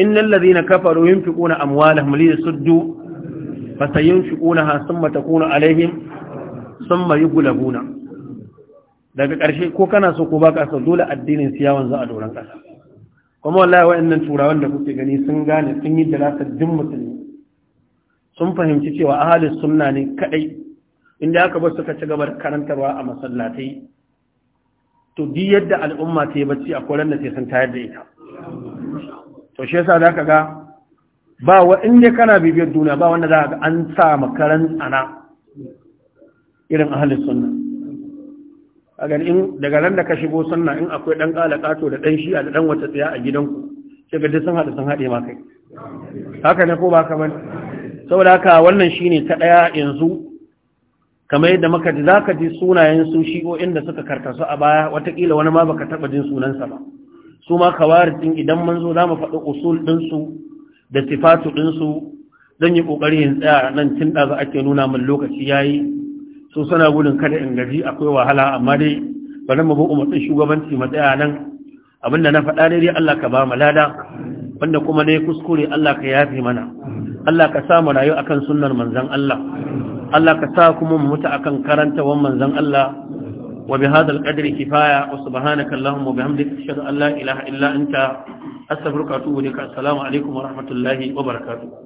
innan lazina kafaru yin fi ƙuna amwala hamli da suddu fasayin fi ƙuna sun mata ƙuna alaihim sun mayi gulabuna daga ƙarshe ko kana so ko baka so dole addinin ya wanzu a doron ƙasa kuma wallahi wa'annan turawan da kuke gani sun gane sun yi dalasar jin musulmi sun fahimci cewa ahalus sunna ne kadai inda aka bar suka ci gaba da karantarwa a masallatai to di yadda al'umma ta yi bacci a koran da sai sun tayar da ita to shi yasa ka ga ba wa inda kana bibiyar duniya ba wanda za ga an sa makaran tsana irin ahalin sunna a in daga nan da ka shigo sunna in akwai dan kalakato da dan shi, da dan wata tsaya a gidanku sai ga duk sun haɗu sun haɗe ma kai haka ne ko ba ka bane saboda haka wannan shine ta ɗaya yanzu kamar yadda muka ji zaka ji sunayen su shi shi'o'in inda suka karkasu a baya watakila wani ma baka taba jin sunansa ba su ma kawarit idan mun zo mu faɗi usul din su da sifatu din su dan yi kokari in tsaya nan tun da ake nuna min lokaci yayi su suna gudun kada in gaji akwai wahala amma dai bari mu bugu umarnin shugabanci mu tsaya nan abinda na faɗa dai Allah ka ba mu lada wanda kuma ne kuskure Allah ka yafe mana Allah ka sa mu rayu akan sunnar manzon Allah Allah ka sa kuma mu mutu akan karantawan manzan Allah wa bi hadal qadri kifaya wa subhanaka allahumma wa bihamdika ashhadu an la ilaha illa anta astaghfiruka wa atubu ilaik assalamu alaikum wa rahmatullahi wa barakatuh